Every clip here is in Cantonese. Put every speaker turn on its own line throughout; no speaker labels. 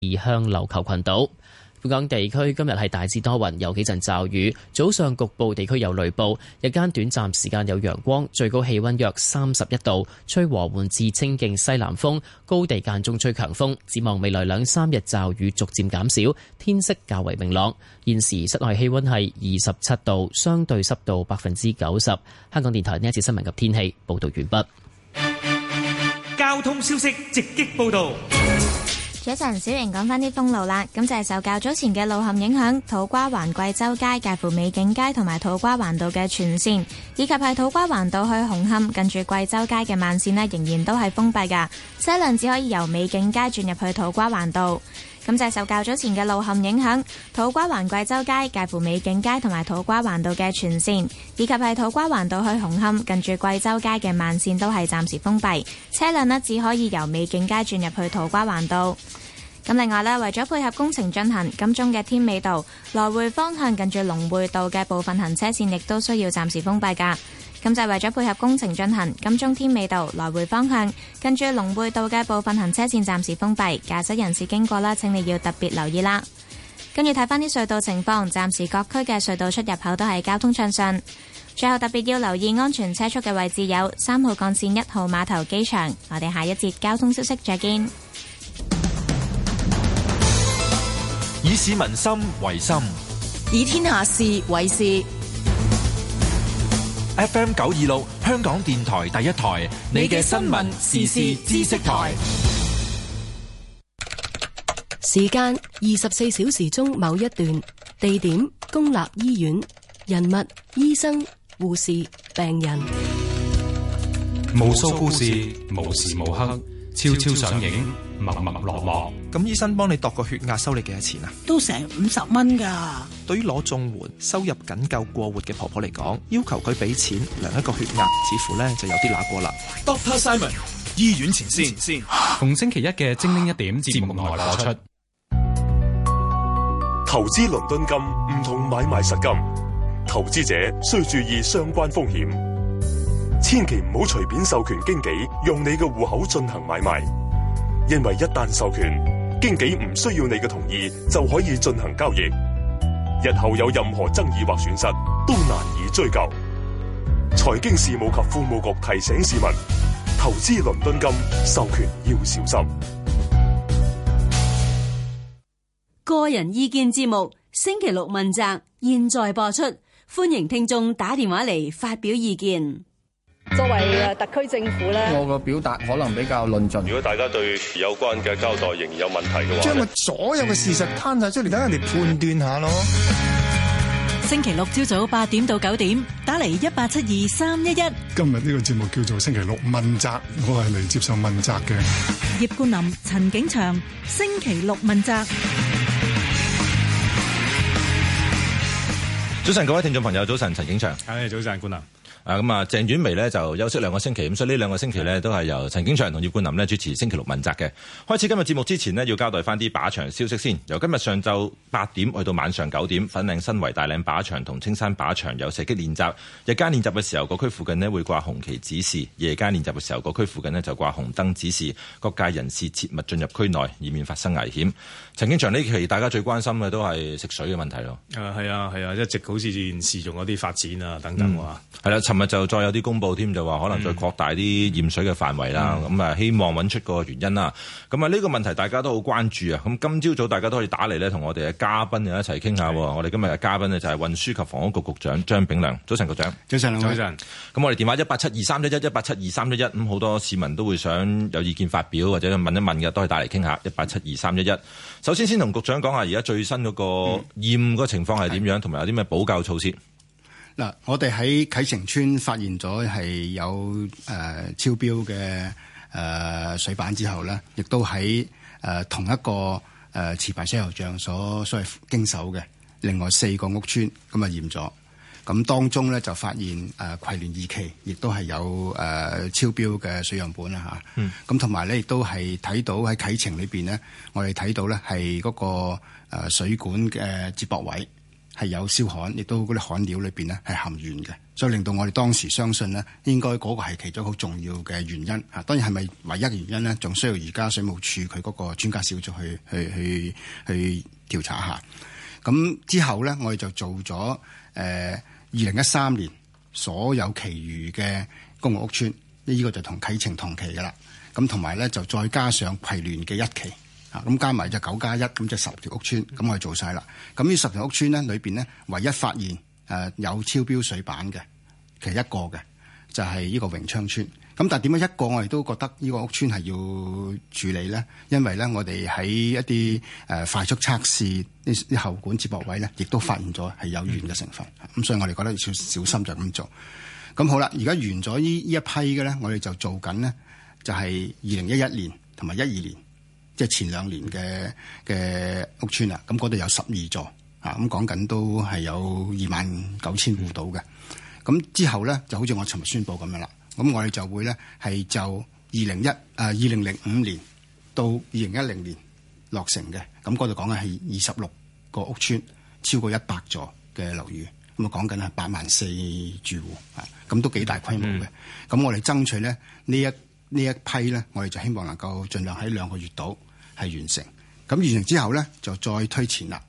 移向琉球群島。本港地區今日係大致多雲，有幾陣驟雨，早上局部地區有雷暴，日間短暫時間有陽光，最高氣溫約三十一度，吹和緩至清勁西南風，高地間中吹強風。展望未來兩三日驟雨逐漸減少，天色較為明朗。現時室內氣溫係二十七度，相對濕度百分之九十。香港電台呢一節新聞及天氣報道完畢。
交通消息直擊報道。早晨，小瑩講返啲封路啦。咁就係、是、受較早前嘅路陷影響，土瓜灣貴州街介乎美景街同埋土瓜灣道嘅全線，以及係土瓜灣道去紅磡近住貴州街嘅慢線呢，仍然都係封閉噶。車輛只可以由美景街轉入去土瓜灣道。咁就受較早前嘅路陷影響，土瓜灣貴州街，介乎美景街同埋土瓜灣道嘅全線，以及係土瓜灣道去紅磡近住貴州街嘅慢線，都係暫時封閉，車輛呢，只可以由美景街轉入去土瓜灣道。咁另外呢，為咗配合工程進行，金鐘嘅天美道來回方向近住龍匯道嘅部分行車線，亦都需要暫時封閉噶。咁就為咗配合工程進行，金鐘天美道來回方向跟住龍背道嘅部分行車線暫時封閉，駕駛人士經過啦，請你要特別留意啦。跟住睇翻啲隧道情況，暫時各區嘅隧道出入口都係交通暢順。最後特別要留意安全車速嘅位置，有三號幹線、一號碼頭、機場。我哋下一節交通消息再見。
以市民心為心，
以天下事為事。
FM 九二六，香港電台第一台，你嘅新聞時事知識台。
時間二十四小時中某一段，地點公立醫院，人物醫生、護士、病人。
無數故事，無時無刻，悄悄上映。默默默咁，醫生幫你
度個血壓，收你幾多錢啊？都成五十蚊噶。對於攞綜援、收入緊夠過活嘅婆婆嚟講，要求佢俾錢量一個血壓，似乎咧就有啲那過啦。Doctor Simon，醫院前線，
逢先星期一嘅精靈一點節目內播出。出投資倫敦金唔同買賣實金，投資者需注意相關風險，千祈唔好隨便授權經紀用你嘅戶口進行買賣。因為一旦授權，經紀唔需要你嘅同意就可以進行交易，日後有任何爭議或損失都難以追究。財經事務及庫務局提醒市民：投資倫敦金授權要小心。
個人意見節目，星期六問責，現在播出，歡迎聽眾打電話嚟發表意見。作為誒特區政府咧，我個表達可能比
較論盡。
如果大家對有關嘅交代仍然有問題嘅話，將我
所有嘅事實攤晒出嚟，等的人哋判斷下咯。
星期六朝早八點到九點，打嚟一八七二三一一。
今日呢個節目叫做星期六問
責，我係嚟接受問責嘅。
葉冠霖、陳景祥，星期六問責。
早晨，各位聽眾朋友，早晨，陳景祥。啊，早晨，冠霖。啊咁啊，鄭婉薇呢就休息兩個星期，咁所以呢兩個星期呢，都係由陳景祥同葉冠霖呢主持星期六問責嘅。開始今日節目之前呢，要交代翻啲靶場消息先。由今日上晝八點去到晚上九點，粉嶺新圍大嶺靶，靶場同青山靶場有射擊練習。日間練習嘅時候，個區附近呢會掛紅旗指示；夜間練習嘅時候，個區附近呢就掛紅燈指示，各界人士切勿進入區內，以免發生危險。陳景祥，呢期大家最關心嘅都係食水嘅問題咯。啊、嗯，係啊，係啊，一直好似件事
仲有啲發展啊，等等喎。
係啦，咁就再有啲公布添，就話可能再擴大啲驗水嘅範圍啦。咁啊、嗯，希望揾出個原因啦。咁啊、嗯，呢個問題大家都好關注啊。咁今朝早大家都可以打嚟呢，同我哋嘅嘉賓一齊傾下。是我哋今日嘅嘉賓呢，就係運輸及房屋局局長張炳良。早晨，局長。早晨，早晨。咁晨我哋電話一八七二三一一一八七二三一一。咁好多市民都會想有意見發表或者問一問嘅，都可以打嚟傾下，一八七二三一一。首先，先同局長講下而家最新嗰個驗嗰情況係點樣，同埋、嗯、有啲咩補救措施。
嗱，我哋喺啟晴邨發現咗係有誒超標嘅誒水板之後咧，亦都喺誒同一個誒持牌水喉匠所所謂經手嘅另外四個屋邨咁啊驗咗，咁當中咧就發現誒葵聯二期亦都係有誒超標嘅水樣本啦嚇，咁同埋咧亦都係睇到喺啟晴裏邊咧，我哋睇到咧係嗰個誒水管嘅接駁位，係有燒焊，亦都嗰啲焊料裏邊呢係含鉛嘅，所以令到我哋當時相信呢，應該嗰個係其中好重要嘅原因吓，啊。當然係咪唯一嘅原因呢？仲需要而家水務署佢嗰個專家小組去去去去調查一下。咁之後呢，我哋就做咗誒二零一三年所有其餘嘅公共屋邨，呢個就同啟晴同期㗎啦。咁同埋呢，就再加上葵聯嘅一期。咁加埋就九加一，咁就十條屋邨，咁我哋做晒啦。咁呢十條屋邨咧，裏邊咧唯一發現誒有超標水板嘅，其實一個嘅就係呢個榮昌邨。咁但係點解一個我哋都覺得呢個屋邨係要處理咧？因為咧我哋喺一啲誒快速測試啲啲喉管接駁位咧，亦都發現咗係有鉛嘅成分。咁所以我哋覺得要小心就咁做。咁好啦，而家完咗呢呢一批嘅咧，我哋就做緊呢，就係二零一一年同埋一二年。即係前兩年嘅嘅屋邨啦，咁嗰度有十二座，啊咁講緊都係有二萬九千戶到嘅。咁之後咧就好似我尋日宣佈咁樣啦，咁我哋就會咧係就二零一啊二零零五年到二零一零年落成嘅，咁嗰度講緊係二十六個屋邨，超過一百座嘅樓宇，咁啊講緊係八萬四住戶啊，咁都幾大規模嘅。咁、嗯、我哋爭取咧呢一呢一批咧，我哋就希望能夠儘量喺兩個月度，係完成，咁完成之後咧就再推前啦，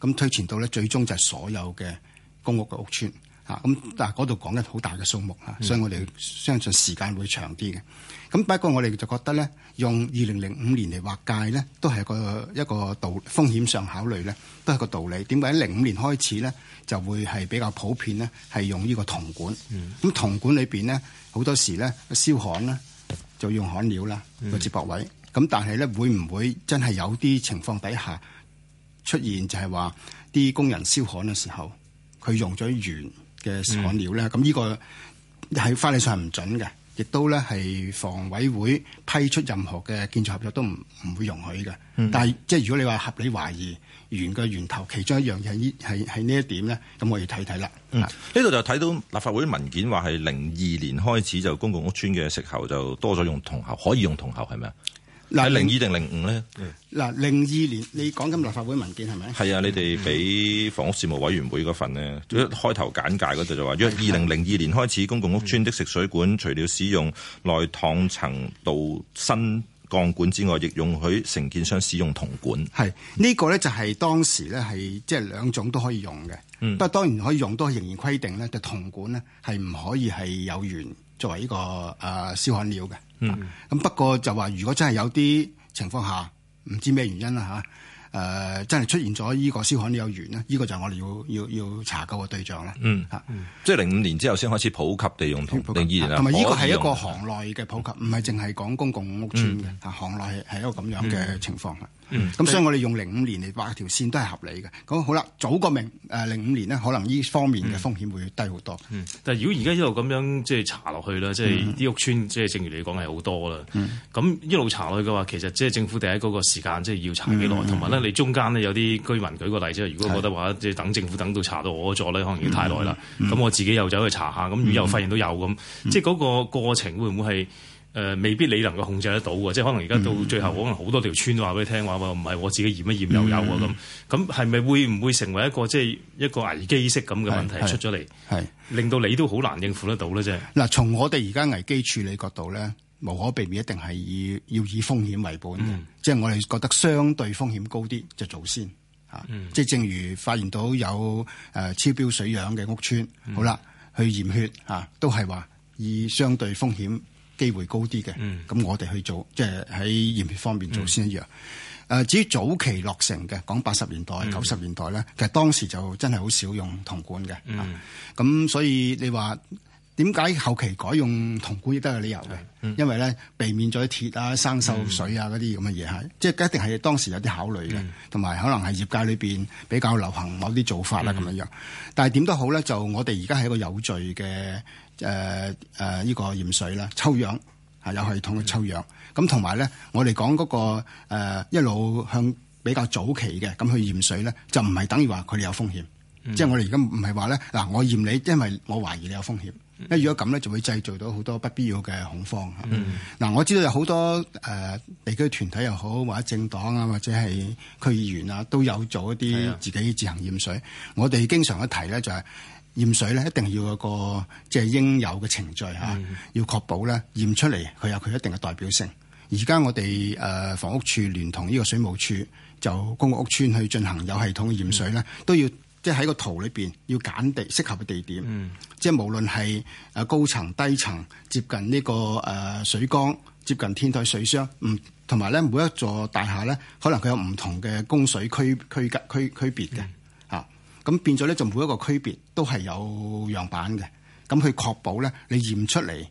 咁推前到咧最終就係所有嘅公屋嘅屋邨。嚇、啊，咁但係嗰度講緊好大嘅數目啊，嗯、所以我哋相信時間會長啲嘅。咁不過我哋就覺得咧，用二零零五年嚟劃界咧，都係個一個道風險上考慮咧，都係個道理。點解零五年開始咧就會係比較普遍咧？係用呢個銅管，咁、嗯、銅管裏邊咧好多時咧燒焊咧就用焊料啦，個接駁位。嗯咁但係咧，會唔會真係有啲情況底下出現，就係話啲工人燒焊嘅時候，佢用咗鉛嘅焊料咧？咁呢、嗯、個喺法律上係唔准嘅，亦都咧係房委會批出任何嘅建築合約都唔唔會容許嘅。嗯、但係即係如果你話合理懷疑鉛嘅源頭，其中一樣嘢係呢係係呢一點咧，咁我要睇睇啦。
呢度、嗯、就睇到立法會文件話係零二年開始就公共屋邨嘅食喉就多咗用銅喉，可以用銅喉係咪啊？喺零二定零五咧？
嗱，零二年你講緊立法會文件係咪？係
啊，你哋俾房屋事務委員會嗰份呢，佢開頭簡介嗰度就話，約二零零二年開始，公共屋邨的食水管除了使用內搪層鍍鋅鋼管之外，亦容許承建商使用銅管。係
呢、呢個咧就係當時咧係即係兩種都可以用嘅，嗯、不過當然可以用都係仍然規定咧，就銅管咧係唔可以係有鉛。作為呢、這個誒燒焊料嘅，咁、嗯啊、不過就話，如果真係有啲情況下唔知咩原因啦吓，誒、啊呃、真係出現咗呢個燒焊料有源咧，呢、這個就係我哋要要要查究嘅對象啦。嗯，
啊、即係零五年之後先開始普及地用同零及二同埋呢個係一個
行內嘅普及，唔係淨係講公共屋邨嘅、嗯啊，行內係一個咁樣嘅情況。咁、嗯、所以我哋用零五年嚟畫條線都係合理嘅。咁好啦，早個名誒零五年呢，可能呢方面嘅風險會低好多、嗯嗯。
但如果而家一路咁樣即係查落去啦，即係啲屋邨，即係正如你講係好多啦。咁、嗯、一路查落去嘅話，其實即係政府第一嗰個時間，即係要查幾耐，同埋咧你中間呢有啲居民舉個例子，即係如果覺得話即係等政府等到查到我座咧，可能已經太耐啦。咁、嗯嗯、我自己又走去查下，咁魚又發現都有咁，嗯、即係嗰個過程會唔會係？誒、呃、未必你能夠控制得到即係可能而家到最後，嗯、可能好多條村都話俾你聽，話唔係我自己驗一驗又有啊咁。咁係咪會唔會成為一個即係一個危機式咁嘅問題出咗嚟？令到你都好難應付得到咧，啫。
嗱，從我哋而家危機處理角度咧，無可避免一定係以要以風險為本即係、嗯、我哋覺得相對風險高啲就先做先、啊嗯、即係正如發現到有超標水樣嘅屋邨，嗯、好啦，去驗血啊，都係話以相對風險。機會高啲嘅，咁、嗯、我哋去做，即係喺驗水方面做先一樣。誒、嗯，至於早期落成嘅，講八十年代、九十、嗯、年代咧，其實當時就真係好少用銅管嘅。咁、嗯啊、所以你話點解後期改用銅管都有理由嘅。嗯、因為咧避免咗啲鐵啊、生鏽水啊嗰啲咁嘅嘢即係一定係當時有啲考慮嘅，同埋、嗯、可能係業界裏面比較流行某啲做法啦咁、嗯、樣。但係點都好咧，就我哋而家係一個有序嘅。誒誒，依、呃呃這個驗水啦，抽樣係有系統嘅抽樣。咁同埋咧，我哋講嗰個、呃、一路向比較早期嘅，咁去驗水咧，就唔係等於話佢哋有風險。嗯、即係我哋而家唔係話咧，嗱我驗你，因為我懷疑你有風險。嗯、因為如果咁咧，就會製造到好多不必要嘅恐慌。嗱、嗯嗯啊，我知道有好多誒地區團體又好，或者政黨啊，或者係區議員啊，都有做一啲自己自行驗水。啊、我哋經常一提咧、就是，就係。驗水咧，一定要有一個即係應有嘅程序嚇，嗯、要確保咧驗出嚟佢有佢一定嘅代表性。而家我哋誒房屋處聯同呢個水務處，就公屋屋邨去進行有系統嘅驗水咧，嗯、都要即係喺個圖裏邊要揀地適合嘅地點，嗯、即係無論係誒高層、低層、接近呢個誒水缸、接近天台水箱，嗯，同埋咧每一座大廈咧，可能佢有唔同嘅供水區區隔區區別嘅。嗯。咁變咗咧，就每一個區別都係有樣板嘅。咁去確保咧，你驗出嚟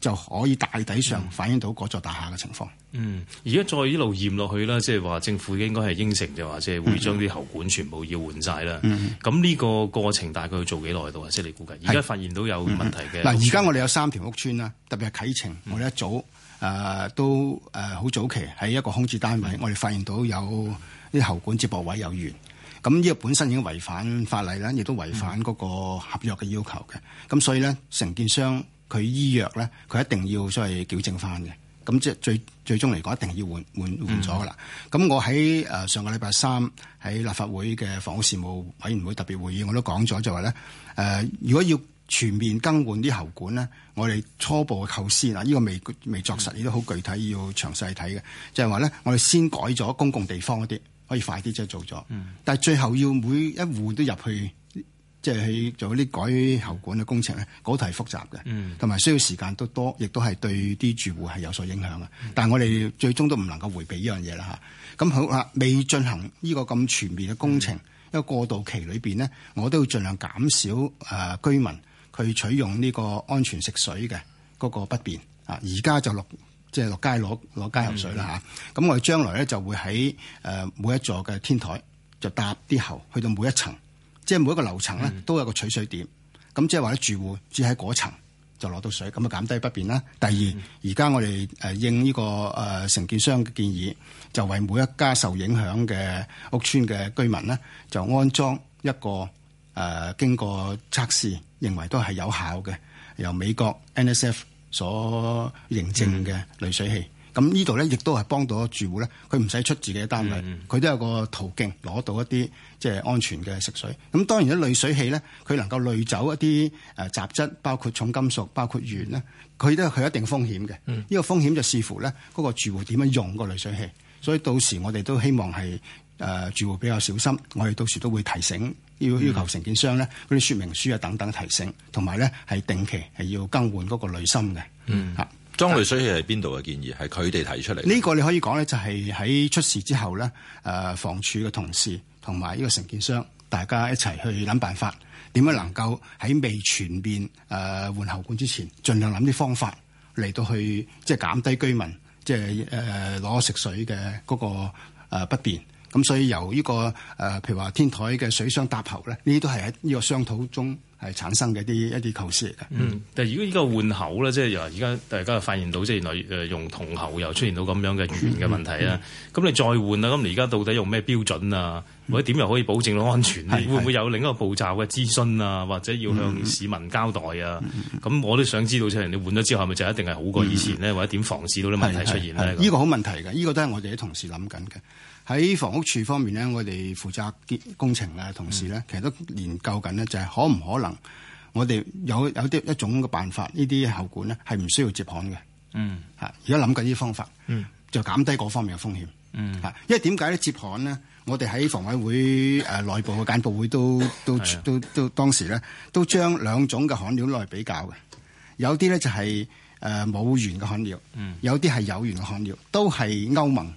就可以大抵上反映到嗰座大廈嘅情況。
嗯，而家再一路驗落去咧，即係話政府應該係應承就話，即係會將啲喉管全部要換晒啦。咁呢、嗯、哼個過程大概要做幾耐到啊？即係你估計？而家發現到有問題嘅。嗱、嗯，而家
我哋有三條屋邨啦，特別係啟晴。我哋一早誒、嗯哼呃、都誒好早期喺一個空置單位，嗯、哼我哋發現到有啲喉管接駁位有鉛。咁呢個本身已經違反法例啦，亦都違反嗰個合約嘅要求嘅。咁、嗯、所以呢，承建商佢依約呢，佢一定要所謂矯正翻嘅。咁即係最最終嚟講，一定要換換換咗啦。咁、嗯、我喺上個禮拜三喺立法會嘅房屋事務委員會特別會議，我都講咗就話呢：如果要全面更換啲喉管呢，我哋初步嘅構思啦，呢、呢個未未作實，亦都好具體，要詳細睇嘅。就係話呢，我哋先改咗公共地方嗰啲。可以快啲即係做咗，但係最後要每一戶都入去，即係去做啲改喉管嘅工程咧，嗰題複雜嘅，同埋需要時間都多，亦都係對啲住戶係有所影響，但係我哋最終都唔能夠回避呢樣嘢啦吓。咁好啊，未進行呢個咁全面嘅工程，因為過渡期裏面呢，我都要盡量減少誒居民佢取用呢個安全食水嘅嗰個不便啊！而家就即係落街攞攞街入水啦吓，咁、嗯啊、我哋將來咧就會喺誒、呃、每一座嘅天台就搭啲喉去到每一層，即係每一個樓層咧都有個取水點，咁、嗯、即係話啲住戶，只喺嗰層就攞到水，咁啊減低不便啦。第二，而家、嗯、我哋誒應呢、這個誒承、呃、建商嘅建議，就為每一家受影響嘅屋邨嘅居民咧，就安裝一個誒、呃、經過測試認為都係有效嘅，由美國 NSF 所認證嘅濾水器，咁呢度咧亦都係幫到住戶咧，佢唔使出自己嘅單位，佢、嗯、都有個途徑攞到一啲即係安全嘅食水。咁當然啲濾水器咧，佢能夠濾走一啲誒雜質，包括重金屬，包括鉛咧，佢都有佢一定風險嘅。呢個、嗯、風險就視乎咧嗰個住戶點樣用個濾水器，所以到時我哋都希望係誒住戶比較小心，我哋到時都會提醒。要要求承建商咧，啲說明書啊等等提醒，同埋咧係定期係要更換嗰個濾芯嘅。嗯，
吓裝濾水器係邊度嘅建議係佢哋提出嚟？呢個你可以
講咧，就係喺出事之後咧，誒，房署嘅同事同埋呢個承建商，大家一齊去諗辦法，點樣能夠喺未全面誒換喉管之前，盡量諗啲方法嚟到去即係減低居民即係誒攞食水嘅嗰個誒不便。咁所以由呢、呢個誒，譬如話天台嘅水箱搭喉咧，呢啲都係喺呢個商討中係產生嘅啲一啲構思嚟嘅。嗯，
但係如果呢個換喉咧，即係又而家大家發現到，即係原來誒用銅喉又出現到咁樣嘅鉛嘅問題啊。咁、嗯嗯、你再換啊，咁你而家到底用咩標準啊？嗯、或者點又可以保證到安全咧？會唔會有另一個步驟嘅諮詢啊？或者要向市民交代啊？咁、嗯嗯、我都想知道，即係你換咗之後係咪就一定係好過以前咧？嗯、或者點防止到啲問題出現呢？呢、呢個、個好
問題嘅，呢、呢個都係我哋啲同事諗緊嘅。喺房屋署方面咧，我哋負責啲工程咧，同時咧，其實都研究緊咧，就係、是、可唔可能我哋有，有有啲一種嘅辦法，呢啲喉管咧係唔需要接焊嘅。嗯，嚇，而家諗緊啲方法，
嗯，
就減低嗰方面嘅風險。嗯，嚇，因為點解咧接焊咧？我哋喺房委會誒、呃、內部嘅簡報會都都 都都，都，都當時咧，都將兩種嘅焊料攞嚟比較嘅。有啲咧就係誒冇鉛嘅焊料，有啲係有鉛嘅焊料，都係歐盟。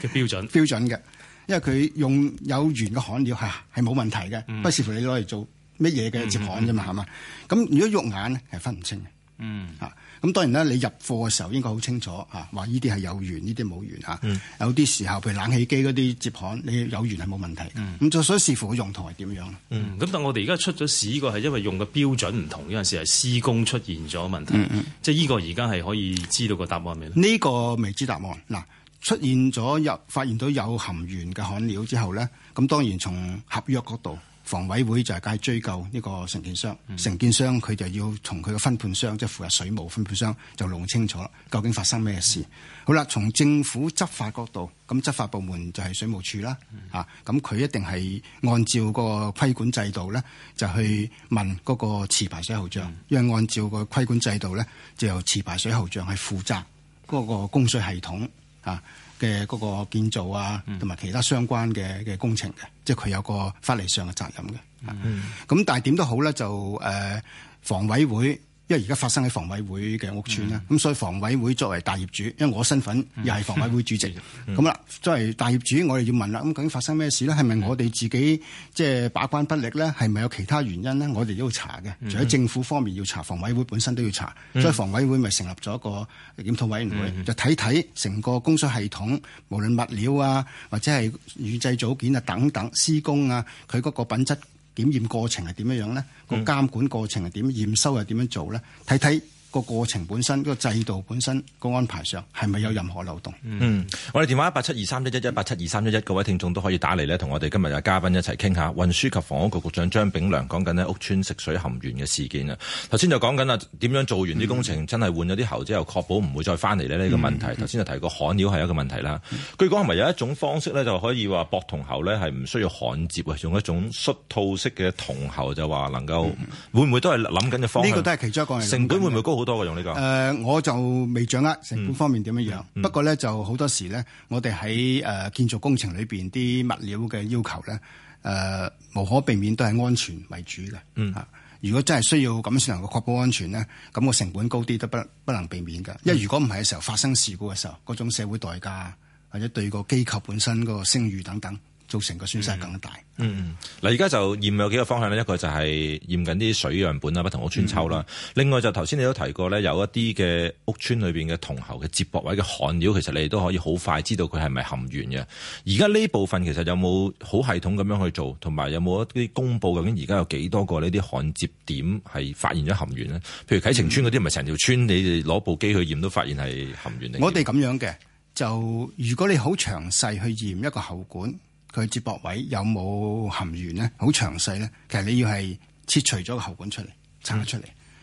即嘅標準標準嘅，因為佢用有鉛嘅焊料嚇係冇問題嘅，不視乎你攞嚟做乜嘢嘅接焊啫嘛，係嘛、嗯？咁如果肉眼咧係分唔清嘅，嗯嚇，咁當然啦，你入貨嘅時候應該好清楚嚇，話呢啲係有鉛，呢啲冇鉛嚇，嗯、有啲時候譬如冷氣機嗰啲接焊，你有鉛係冇問題，咁就、嗯、所以視乎個用途係
點樣，咁、嗯、但我哋而家出咗事呢個係因為用嘅標準唔同，有陣時係施工出現咗問題，嗯嗯、即係呢個而家係可以知道個答案未咧？
呢個未知答案嗱。出現咗有發現到有含鉛嘅焊料之後呢，咁當然從合約角度，房委會就係介追究呢個承建商，的承建商佢就要從佢嘅分判商，即係負責水務分判商，就弄清楚究竟發生咩事。的好啦，從政府執法角度，咁執法部門就係水務署啦，的啊，咁佢一定係按照個規管制度呢，就去問嗰個持牌水喉匠，的因為按照個規管制度呢，就由持牌水喉匠係負責嗰個供水系統。啊嘅嗰個建造啊，同埋其他相關嘅嘅工程嘅，嗯、即係佢有個法例上嘅責任嘅。嗯，咁但係點都好咧，就誒房委會。因為而家發生喺房委會嘅屋邨，啦、嗯，咁所以房委會作為大業主，因為我身份又係房委會主席，咁啦、嗯嗯，作為大業主，我哋要問啦，咁究竟發生咩事咧？係咪我哋自己即係把關不力咧？係咪有其他原因咧？我哋都要查嘅，除咗政府方面要查，房委會本身都要查，嗯、所以房委會咪成立咗一個檢討委員會，嗯嗯、就睇睇成個供水系統，無論物料啊，或者係預製組件啊等等施工啊，佢嗰個品質。檢驗過程係點樣樣咧？個監管過程係點？驗收又點樣做咧？睇睇。個過程本身、個制度本身、個安排上，係咪有任何漏洞？
嗯，我哋電話一八七二三一一一八七二三一一，各位聽眾都可以打嚟咧，同我哋今日嘅嘉賓一齊傾下。運輸及房屋局局長張炳良講緊咧屋邨食水含鉛嘅事件啊。頭先就講緊啊，點樣做完啲工程，嗯、真係換咗啲喉之後，確保唔會再翻嚟咧呢個問題。頭先就提過焊料係一個問題啦。嗯、據講係咪有一種方式咧就可以話薄銅喉咧係唔需要焊接啊？用一種縮套式嘅銅喉就話能夠，嗯嗯、會唔會都係諗緊嘅方式？呢個都係其
中一個成本會唔會
高多
用呢個，誒、呃，我就未掌握成本方面點樣樣。嗯、不過咧，就好多時咧，我哋喺誒建築工程裏邊啲物料嘅要求咧，誒、呃，無可避免都係安全為主嘅。嗯，如果真係需要咁先能夠確保安全咧，咁、個成本高啲都不不能避免噶因為如果唔係嘅時候發生事故嘅時候，嗰種社會代價或者對個機構本身嗰個聲譽等等。造成個損失更大。嗯，
嗱、嗯，而家就驗有幾個方向呢，一個就係驗緊啲水樣本啦，不同屋村抽啦。嗯、另外就頭先你都提過咧，有一啲嘅屋村裏面嘅銅喉嘅接駁位嘅焊料，其實你都可以好快知道佢係咪含鉛嘅。而家呢部分其實有冇好系統咁樣去做，同埋有冇一啲公佈究竟而家有幾多個呢啲焊接點係發現咗含鉛呢？譬如啟晴邨嗰啲，唔係成條村，你哋攞部機去驗都發現係含鉛嘅。我哋咁
樣嘅，就如果你好詳細去驗一個喉管。佢接駁位有冇含鉛咧？好詳細咧？其實你要係切除咗個喉管出嚟拆咗出嚟，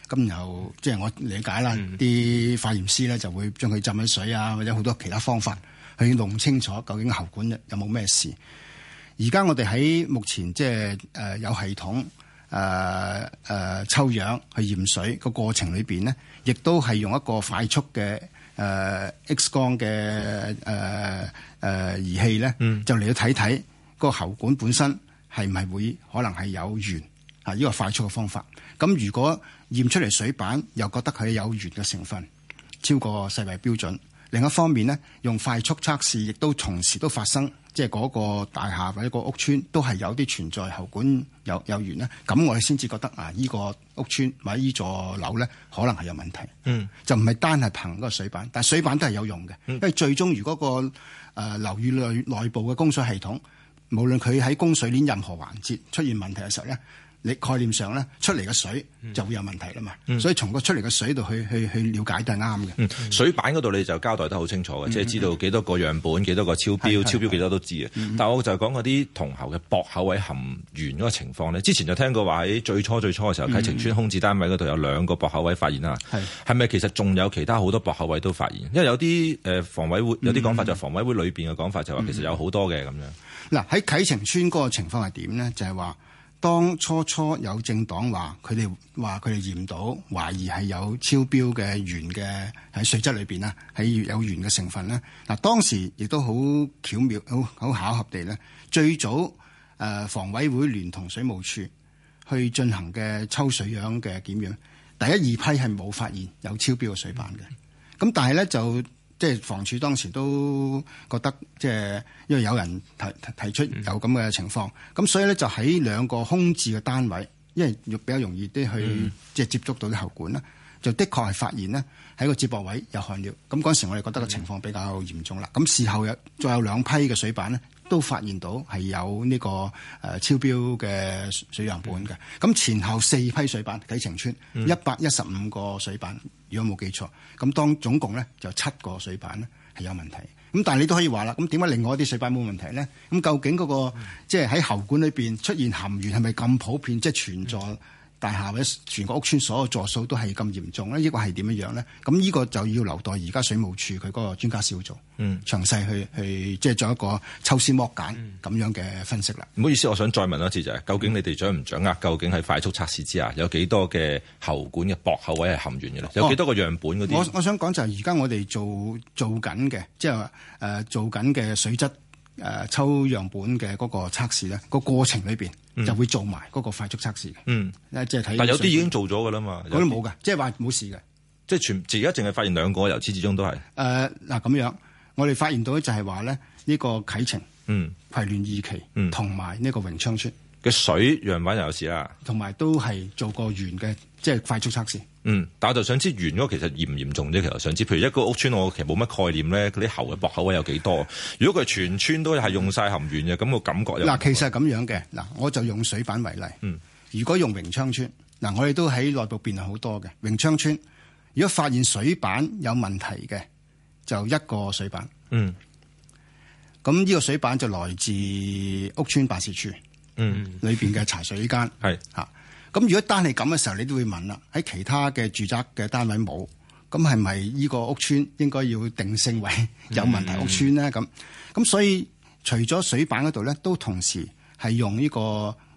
咁、嗯、然後即係、就是、我理解啦，啲化驗師咧就會將佢浸喺水啊，或者好多其他方法去弄清楚究竟喉管有冇咩事。而家我哋喺目前即係誒有系統誒誒、呃呃、抽樣去驗水個過程裏邊咧，亦都係用一個快速嘅誒、呃、X 光嘅誒誒儀器咧，嗯、就嚟到睇睇，個喉管本身係唔係會可能係有鉛？啊？依個快速嘅方法咁，如果驗出嚟水板又覺得佢有鉛嘅成分超過世衞標準，另一方面呢用快速測試亦都同時都發生，即係嗰個大廈或者嗰個屋邨都係有啲存在喉管有有鉛咧。咁我哋先至覺得啊，依、呢個屋邨或者呢座樓呢，可能係有問題。嗯，就唔係單係憑個水板，但水板都係有用嘅，因為最終如果、嗰個誒、呃、樓宇內內部嘅供水系統。無論佢喺供水鏈任何環節出現問題嘅時候咧。你概念上咧出嚟嘅水就會有問題啦嘛，所以從個出嚟嘅水度去去去了解都係啱嘅。
水板嗰度你就交代得好清楚嘅，即係知道幾多個樣本，幾多個超標，超標幾多都知。但我就講講嗰啲銅喉嘅駁口位含鉛嗰個情況呢，之前就聽過話喺最初最初嘅時候啟程村空置單位嗰度有兩個駁口位發現啦，係咪其實仲有其他好多駁口位都發現？因為有啲誒房委會有啲講法就防房委會裏邊嘅講法就話其實有好多嘅咁樣。
嗱喺啟程村嗰個情況係點呢？就係話。當初初有政黨話佢哋話佢哋驗到懷疑係有超標嘅鉛嘅喺水質裏邊啊，喺有鉛嘅成分呢，嗱當時亦都好巧妙，好好巧合地呢，最早誒房委會聯同水務處去進行嘅抽水樣嘅檢驗，第一二批係冇發現有超標嘅水辦嘅。咁但係呢就。即係房署當時都覺得，即係因為有人提提出有咁嘅情況，咁所以咧就喺兩個空置嘅單位，因為要比較容易啲去即係接觸到啲喉管啦，嗯、就的確係發現呢，喺個接駁位有焊料，咁嗰時我哋覺得個情況比較嚴重啦。咁事後有再有兩批嘅水板呢。都發現到係有呢個誒超標嘅水樣本嘅，咁前後四批水辦，啟晴邨一百一十五個水辦，如果冇記錯，咁當總共咧就七個水辦咧係有問題。咁但係你都可以話啦，咁點解另外一啲水辦冇問題咧？咁究竟嗰、那個即係喺喉管裏邊出現鉛源係咪咁普遍即係、就是、存在？大廈或者全個屋邨所有的座數都係咁嚴重咧？呢個係點樣樣咧？咁呢個就要留待而家水務署佢嗰個專家小組、嗯、詳細去去即係、就是、做一個抽絲剝繭咁樣嘅分析啦。
唔、嗯、好意思，我想再問多次就係，究竟你哋掌唔掌握？究竟係快速測試之下有幾多嘅喉管嘅薄喉位係含鉛嘅咧？哦、有幾多個樣本嗰啲？我我
想講就係而家我哋做做緊嘅，即係話誒做緊嘅水質。誒、呃、抽樣本嘅嗰個測試咧，嗰個過程裏面就會做埋嗰個快速測試嘅。嗯，即係睇。但有啲已
經做咗嘅啦嘛。嗰啲冇㗎，即係話冇事嘅。即係全而家淨係發現兩個，由始至終都係。
誒嗱咁樣，我哋發現到咧就係話咧呢、呢個啟晴，嗯，葵聯二期，嗯，同埋呢個榮昌邨
嘅水樣本又有事啦、
啊。同埋都係做過完嘅即係快速測試。
嗯，但我就想知源咗其實嚴唔嚴重啫。其實想知，譬如一個屋邨，我其實冇乜概念咧，嗰啲喉嘅駁口位有幾多。如果佢全邨都係用晒含鉛嘅，咁、那個感覺又嗱，其
實咁樣嘅嗱，我就用水辦為例。嗯，如果用榮昌邨，嗱我哋都喺內部辯論好多嘅榮昌邨。如果發現水辦有問題嘅，就一個水辦。嗯，咁呢個水辦就來自屋邨辦事處。嗯，裏邊嘅茶水間係吓。咁如果單係咁嘅時候，你都會問啦。喺其他嘅住宅嘅單位冇，咁係咪依個屋邨應該要定性為有問題屋邨咧？咁咁、mm hmm. 所以除咗水板嗰度咧，都同時係用呢、這個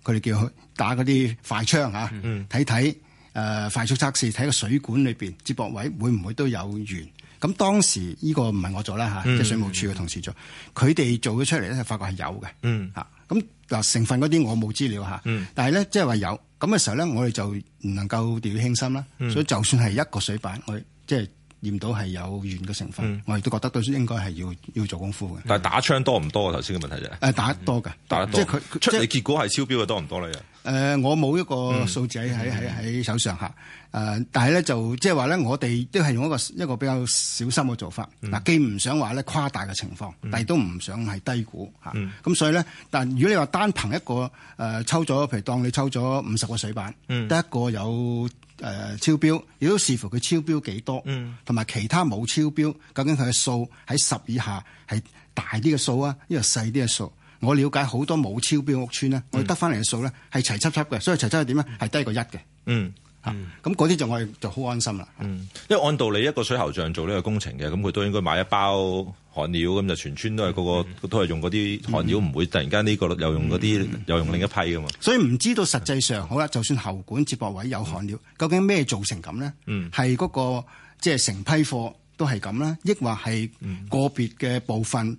佢哋叫打嗰啲快槍睇睇誒快速測試，睇個水管裏面接駁位會唔會都有鉛。咁當時呢、這個唔係我做啦即係水務處嘅同事做，佢哋、mm hmm. 做咗出嚟咧，就發覺係有嘅。嚇咁嗱成分嗰啲我冇資料嚇、啊，但係咧即係話有。咁嘅時候咧，我哋就唔能夠掉以輕心啦。嗯、所以就算係一個水板，我即係驗到係有鉛嘅成分，嗯、我哋都覺得都應該係要要做功夫嘅。
但係打槍多唔多？頭先嘅問題就
係誒打得多㗎，嗯、
打得多即係佢出嚟結果係超標嘅多唔多咧？
誒、呃，我冇一個數字喺喺喺手上下，誒、呃，但係咧就即係話咧，我哋都係用一個一個比較小心嘅做法，嗱、嗯，既唔想話咧誇大嘅情況，但係都唔想係低估吓咁、嗯啊、所以咧，但如果你話單憑一個誒、呃、抽咗，譬如當你抽咗五十個水辦，得、嗯、一個有誒、呃、超標，亦都視乎佢超標幾多，同埋、嗯、其他冇超標，究竟佢嘅數喺十以下係大啲嘅數啊，呢個細啲嘅數。我了解好多冇超標屋村咧，我得翻嚟嘅數咧係齊七七嘅，所以齊七係點咧？係低過一嘅。嗯，嚇，咁嗰啲就我哋就好安心啦。
嗯，因為按道理一個水喉匠做呢個工程嘅，咁佢都應該買一包焊料，咁就全村都係嗰、嗰個嗯、都係用嗰啲焊料，唔、嗯、會突然間呢個又用嗰啲、嗯、又用另一批㗎嘛。
所以唔知道實際上好啦，就算喉管接駁位有焊料，嗯、究竟咩造成咁咧？嗯，係嗰個即係成批貨都係咁啦，抑或係個別嘅部分？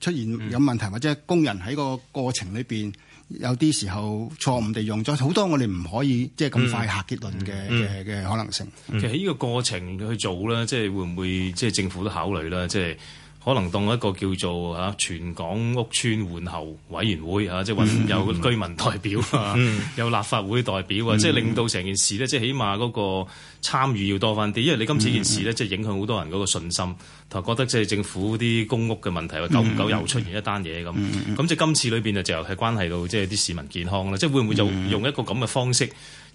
出現有問題或者工人喺個過程裏邊有啲時候錯誤地用咗好多，我哋唔可以即係咁快下結論嘅嘅嘅可能性。嗯嗯嗯嗯、其
實喺呢個過程去做咧，即係會唔會即係政府都考慮啦，即係。可能當一個叫做嚇全港屋邨換喉委員會嚇，即係有居民代表，嗯、 有立法會代表啊，嗯、即係令到成件事咧，即係起碼嗰個參與要多翻啲，因為你今次件事咧，即係影響好多人嗰個信心同埋覺得即係政府啲公屋嘅問題啊，久唔久又出現一單嘢咁，咁即、嗯嗯嗯嗯、今次裏面就就係關係到即係啲市民健康啦，即係會唔會就用一個咁嘅方式？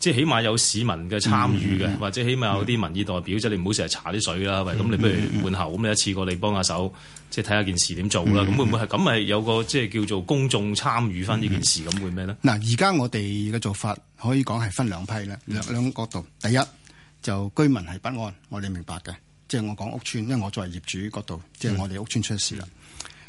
即係起碼有市民嘅參與嘅，或者起碼有啲民意代表，即係、嗯、你唔好成日查啲水啦。嗯、喂，咁你不如換喉咁，你、嗯嗯、一次過你幫下手，即係睇下件事點做啦。咁、嗯、會唔會係咁？咪有個即係、就是、叫做公眾參與返呢件事咁、嗯、會咩咧？
嗱，而家我哋嘅做法可以講係分兩批啦，嗯、兩兩個角度。第一就居民係不安，我哋明白嘅。即、就、係、是、我講屋邨，因為我作為業主角度，即、就、係、是、我哋屋邨出事啦。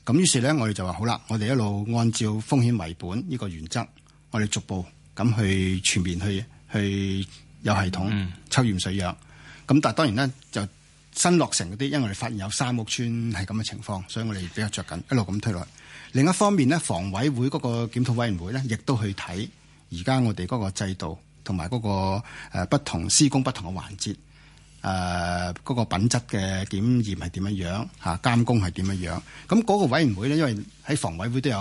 咁、嗯、於是咧，我哋就話好啦，我哋一路按照風險為本呢個原則，我哋逐步咁去全面去。去有系統抽驗水藥，咁但係當然咧就新落成啲，因為我哋發現有三屋邨係咁嘅情況，所以我哋比較着緊一路咁推落去。另一方面咧，房委會嗰個檢討委員會咧，亦都去睇而家我哋嗰個制度同埋嗰個誒不同施工不同嘅環節。誒嗰、呃那個品質嘅檢驗係點樣樣嚇，監工係點樣樣，咁嗰個委員會呢，因為喺房委會都有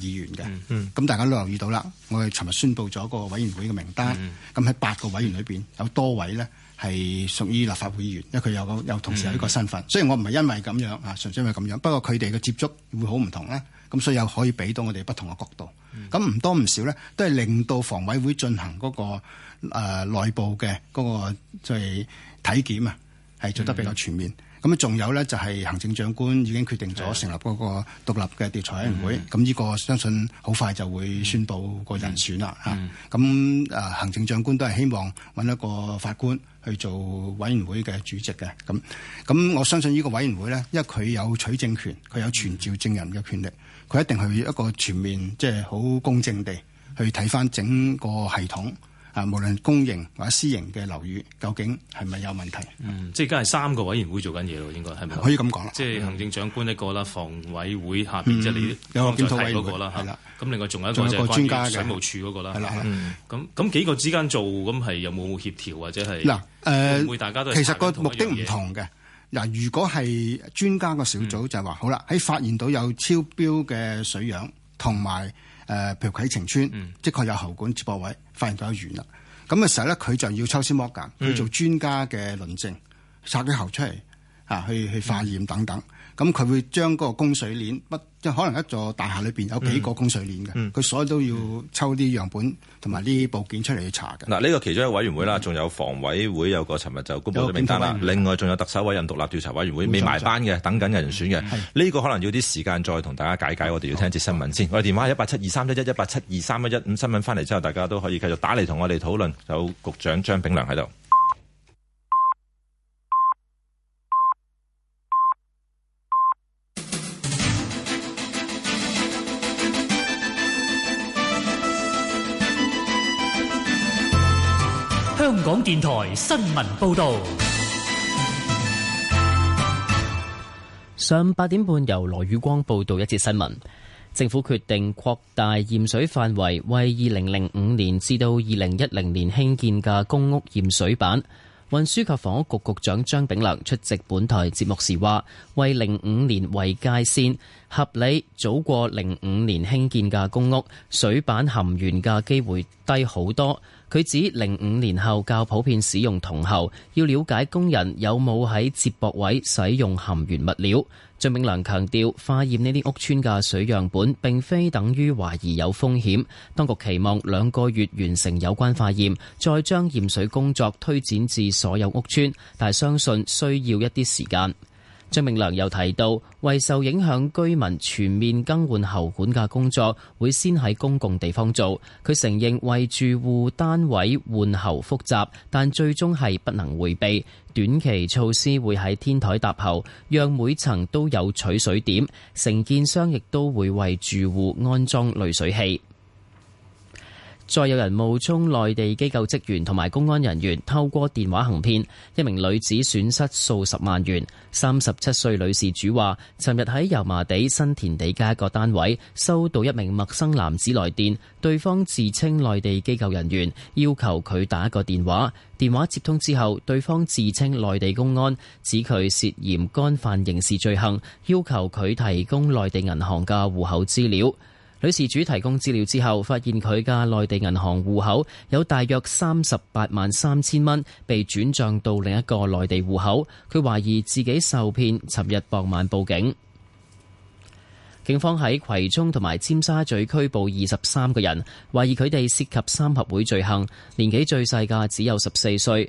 議員嘅，咁、嗯嗯、大家都留意到啦。我哋尋日宣布咗個委員會嘅名單，咁喺八個委員裏邊有多位呢係屬於立法會議員，因為佢有有同時有一個身份。雖然、嗯、我唔係因為咁樣嚇，純粹因為咁樣，不過佢哋嘅接觸會好唔同呢。咁所以又可以俾到我哋不同嘅角度。咁唔、嗯、多唔少呢，都係令到房委會進行嗰、那個誒、呃、內部嘅嗰、那個即係。體檢啊，係做得比較全面。咁仲、嗯、有呢，就係行政長官已經決定咗成立嗰個獨立嘅調查委員會。咁呢、嗯、個相信好快就會宣佈個人選啦嚇。咁、嗯、啊，行政長官都係希望揾一個法官去做委員會嘅主席嘅。咁咁我相信呢個委員會呢，因為佢有取證權，佢有傳召證人嘅權力，佢一定係一個全面，即係好公正地去睇翻整個系統。啊，無論公營或者私營嘅樓宇，究竟係咪有問題？嗯，
即係而家係三個委員會做緊嘢咯，應該係咪？可以咁講啦。即係行政長官一個啦，房委會下面即係你，有個檢討委員會啦。係啦。咁另外仲有一個即係關於水務處嗰個啦。係啦。咁咁幾個之間做咁係有冇協調或者係？嗱，誒，其實個目的唔同
嘅。嗱，如果係專家個小組就話好啦，喺發現到有超標嘅水樣同埋。誒、呃，譬如啟晴邨，的、嗯、確有喉管接駁位，發現比較遠啦。咁嘅時候咧，佢就要抽絲剝繭去做專家嘅論證，拆啲喉出嚟啊，去去化驗等等。嗯咁佢會將嗰個供水鏈不即可能一座大廈裏面有幾個供水鏈嘅，佢所有都要抽啲樣本同埋呢啲部件出嚟去查
嘅。嗱、嗯，呢、嗯嗯、個其中一個委員會啦，仲、嗯、有房委會有個尋日就公佈咗名單啦。另外仲有特首委任的獨立調查委員會未埋班嘅，的等緊嘅人選嘅。呢的個可能要啲時間再同大家解解，的我哋要聽一節新聞先。的我哋電話係一八七二三一一一八七二三一一，咁新聞翻嚟之後，大家都可以繼續打嚟同我哋討論。有局長張炳良喺度。
香港電台新聞報道：上午八點半由羅宇光報道一節新聞。政府決定擴大驗水範圍，為二零零五年至到二零一零年興建嘅公屋驗水板。運輸及房屋局局長張炳良出席本台節目時話，為零五年為界線，合理早過零五年興建嘅公屋，水板含鉛嘅機會低好多。佢指零五年後較普遍使用銅喉，要了解工人有冇喺接駁位使用含鉛物料。張炳良強調化驗呢啲屋邨嘅水樣本並非等於懷疑有風險，當局期望兩個月完成有關化驗，再將驗水工作推展至所有屋邨，但相信需要一啲時間。張炳良又提到，為受影響居民全面更換喉管嘅工作，會先喺公共地方做。佢承認為住戶單位換喉複雜，但最終係不能回避。短期措施會喺天台搭喉，讓每層都有取水點。承建商亦都會為住戶安裝濾水器。再有人冒充內地機構職員同埋公安人員，透過電話行騙一名女子，損失數十萬元。三十七歲女事主話，尋日喺油麻地新田地街一個單位，收到一名陌生男子來電，對方自稱內地機構人員，要求佢打個電話。電話接通之後，對方自稱內地公安，指佢涉嫌干犯刑事罪行，要求佢提供內地銀行嘅戶口資料。女事主提供資料之後，發現佢嘅內地銀行戶口，有大約三十八萬三千蚊被轉帳到另一個內地戶口，佢懷疑自己受騙，尋日傍晚報警。警方喺葵涌同埋尖沙咀拘捕二十三個人，懷疑佢哋涉及三合會罪行，年紀最細嘅只有十四歲。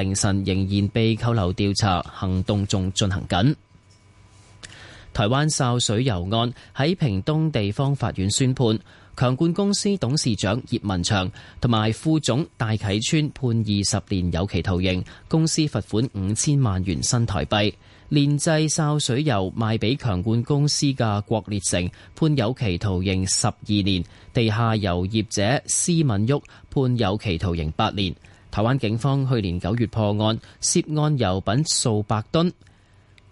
凌晨仍然被扣留調查，行動仲進行緊。台灣潲水油案喺屏東地方法院宣判，強冠公司董事長葉文祥同埋副總戴啟川判二十年有期徒刑，公司罰款五千萬元新台幣。煉製潲水油賣俾強冠公司嘅郭烈成判有期徒刑十二年，地下油業者施敏旭判有期徒刑八年。台灣警方去年九月破案，涉案油品數百噸。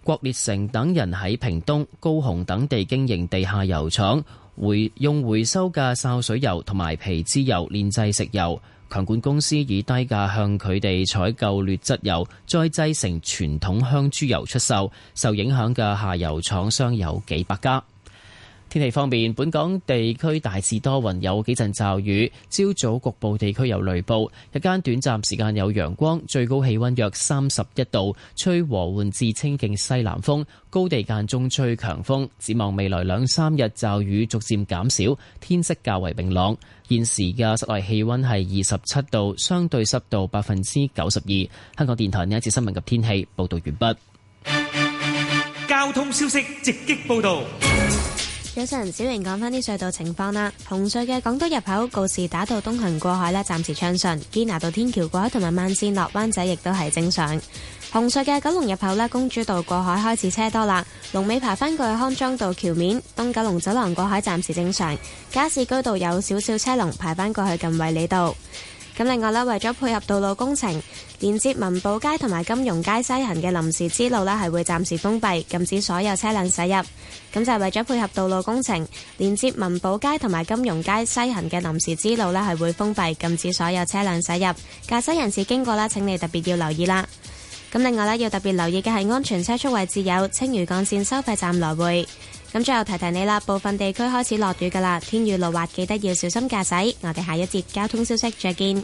郭烈成等人喺屏東、高雄等地經營地下油廠，回用回收嘅潲水油同埋皮脂油煉製食油。強冠公司以低價向佢哋採購劣質油，再製成傳統香豬油出售。受影響嘅下游廠商有幾百家。天氣方面，本港地區大致多雲，有幾陣驟雨，朝早局部地區有雷暴，日間短暫時間有陽光，最高氣溫約三十一度，吹和緩至清勁西南風，高地間中吹強風。展望未來兩三日，驟雨逐漸減少，天色較為明朗。現時嘅室內氣溫係二十七度，相對濕度百分之九十二。香港電台呢一節新聞及天氣報道完畢。
交通消息直擊報道。早晨，有人小瑩講返啲隧道情況啦。紅隧嘅港島入口告士打道東行過海呢，暫時暢順；堅拿道天橋過海同埋慢線落灣仔亦都係正常。紅隧嘅九龍入口呢，公主道過海開始車多啦，龍尾排返過去康莊道橋面，東九龍走廊過海暫時正常。加士居道有少少車龍排返過去近衛理道。咁另外呢，為咗配合道路工程。連接文寶街同埋金融街西行嘅臨時支路呢，係會暫時封閉，禁止所有車輛駛入。咁就係為咗配合道路工程，連接文寶街同埋金融街西行嘅臨時支路呢，係會封閉，禁止所有車輛駛入。駕駛人士經過啦，請你特別要留意啦。咁另外呢，要特別留意嘅係安全車速位置有青嶼幹線收費站來回。咁最後提提你啦，部分地區開始落雨噶啦，天雨路滑，記得要小心駕駛。我哋下一節交通消息再見。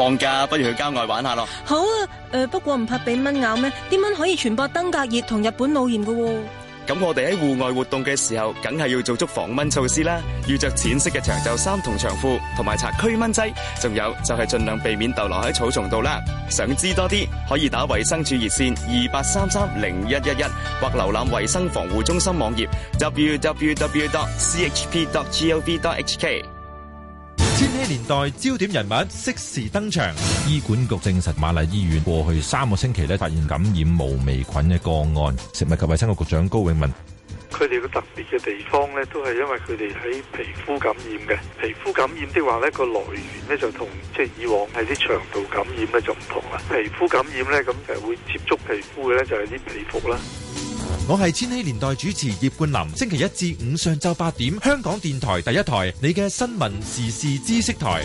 放假不如去郊外玩下咯。
好啊，誒，不過唔怕俾蚊咬咩？啲蚊可以傳播登
革熱同日本腦炎㗎。咁
我哋喺戶外活動嘅時候，梗係要做足防蚊措施啦。要着淺色嘅長袖衫同長褲，同埋擦驅蚊劑。仲有就係盡量避免逗留喺草叢度啦。想知多啲，可以打衛生署熱線二八三三零一一一，或瀏覽衛生防護中心網頁 www.chp.gov.hk。
千禧年代焦點人物適時登場。 醫管局證實，瑪麗醫院過去三個星期咧，發現感染毛霉菌嘅個案。食物及衛生局局長高永文，佢哋個特別嘅地方咧，都係因為佢哋喺皮膚感染嘅。皮膚感染的話咧，個來源咧，就同即係以往係啲腸道感染咧就唔同啦。皮膚感染咧，咁係會接觸皮膚嘅咧，就係、是、啲皮膚啦。我係千禧年代主持葉冠霖，星期一至五上晝八點，香港電台第一台，你嘅新聞時事知識台。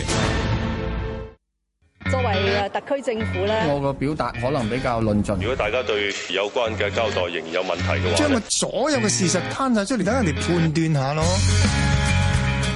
作為特區政府呢，
我嘅表達可能比較論盡。
如果大家對有關嘅交代仍然有問
題嘅
話，將我
所有嘅事實攤晒出嚟，等人哋判斷下咯。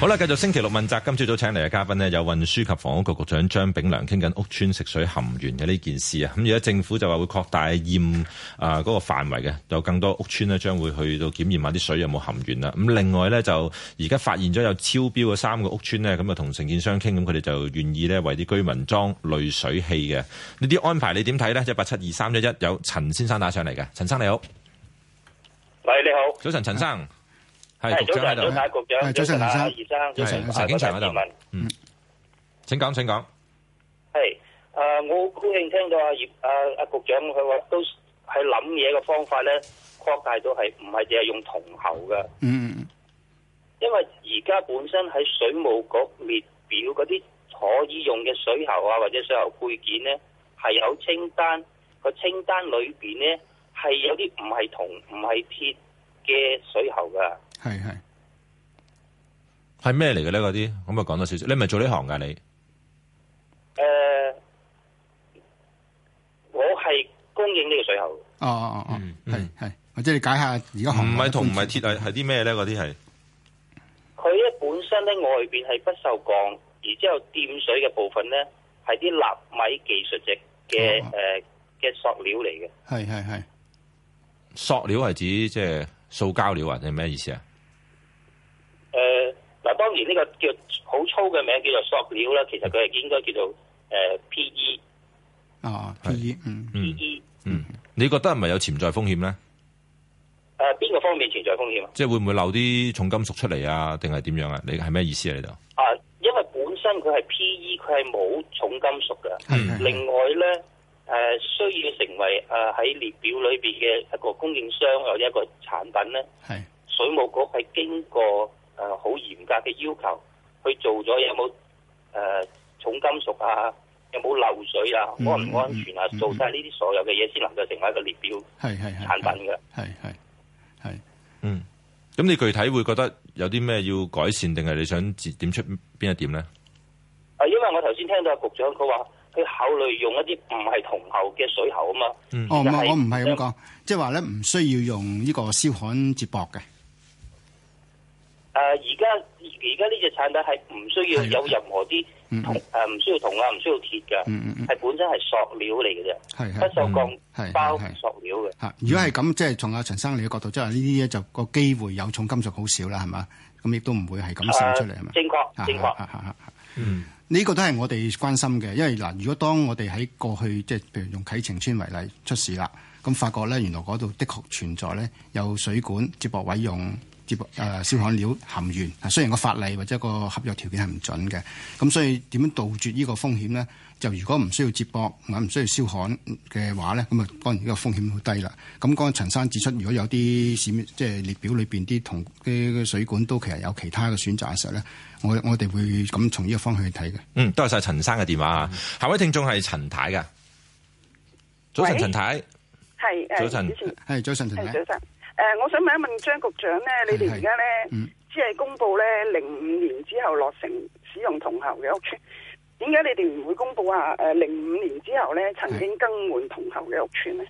好啦，繼續星期六問責。今朝早請嚟嘅嘉賓呢，有運輸及房屋局局長張炳良，傾緊屋村食水含鉛嘅呢件事啊。咁而家政府就話會擴大驗啊嗰個範圍嘅，有更多屋村呢將會去到檢驗下啲水有冇含鉛啦。咁另外呢，就而家發現咗有超標嘅三個屋村呢，咁啊同承建商傾，咁佢哋就願意呢，為啲居民裝濾水器嘅。呢啲安排你點睇呢？一八七二三一一有陳先生打上嚟嘅，陳生你好。喂，你好，Hi, 你好，早晨，陳生。係是局長喺度，局長，係晨是，生
上，葉生是，陳陳景祥喺度。嗯，請講，請講。係誒，我好高興聽到阿葉阿局長佢話都係諗嘢嘅方法咧，擴大到係唔係淨係用銅喉嘅。嗯，因為而家本身喺水務局列表嗰啲可以用嘅水喉啊，或者水喉配件咧，係有清單。個清單裏邊咧係有啲唔係銅唔係鐵嘅水喉噶。
係係係咩嚟嘅咧？嗰啲咁啊，講多少少。你係咪做呢行噶你？
誒、呃，我係供應呢個水喉，
哦。哦哦哦，係係，即係解，解下而家行唔係同唔係鐵係啲咩咧？嗰啲係
佢咧本身咧外邊係不鏽鋼，而之後掂水嘅部分咧係啲納米技術值嘅誒嘅塑料嚟嘅。
係係係。塑料係指即係塑膠料啊？定咩意思啊？
誒，嗱、呃，當然呢個叫好粗嘅名叫做塑料啦，其實佢係應該叫做誒、呃、P.E. 啊，P.E.
嗯 P.E. 嗯，mm hmm. 你覺得係咪有潛在風險咧？
誒、呃，邊個方面存在風險啊？
即係會唔會漏啲重金屬出嚟啊？定係點樣啊？你係咩意思嚟、啊？就
啊、呃，因為本身佢係 P.E. 佢係冇重金屬噶。嗯是。另外咧，誒、呃、需要成為誒喺列表裏邊嘅一個供應商或者一個產品咧。係是。水務局係經過。誒，好、呃、嚴格嘅要求，佢做咗有冇誒、呃、重金屬啊，有冇漏水啊，安唔、嗯、安全啊？嗯嗯、做晒呢啲所有嘅嘢，先能夠成為一個列表產品嘅。係
係係嗯。咁你具體會覺得有啲咩要改善，定係你想點出邊一點咧？
啊、呃，因為我頭先聽到阿局長佢話，佢考慮用一啲唔係銅喉嘅水喉啊嘛。
嗯就是、哦，唔我我唔係咁講，即係話咧，唔需要用呢個燒焊接駁嘅。
誒而家而家呢隻產品係唔需要有任何啲銅唔需要銅啊，唔需要鐵嘅，係本身係塑料嚟嘅啫，不鏽鋼包塑
料嘅。如果係咁，即係從阿陳生你嘅角度，即係呢啲咧就個機會有重金屬好少啦，係嘛？咁亦都唔會係咁滲出嚟係嘛？正
確正確，
嗯，呢個都係我哋關心嘅，因為嗱，如果當我哋喺過去即係譬如用啟晴邨為例出事啦，咁發覺咧原來嗰度的確存在咧有水管接駁位用。接誒、呃、燒焊料含鉛，雖然個法例或者個合約條件係唔準嘅，咁所以點樣杜絕呢個風險呢？就如果唔需要接駁，唔需要燒焊嘅話呢，咁啊，當然呢個風險好低啦。咁剛剛陳生指出，如果有啲即係列表裏邊啲同啲水管都其實有其他嘅選擇嘅時候呢，我我哋會咁從呢個方向去睇嘅。
嗯，多謝陳生嘅電話啊！嗯、下位聽眾係陳太嘅，早晨喂陳太，係
是
早晨上，
係早晨上陳太。
誒，我想問一問張局長咧，你哋而家咧只係公布咧零五年之後落成使用銅喉嘅屋邨，點解你哋唔會公布啊？誒，零五年之後咧曾經更換銅喉嘅屋邨咧？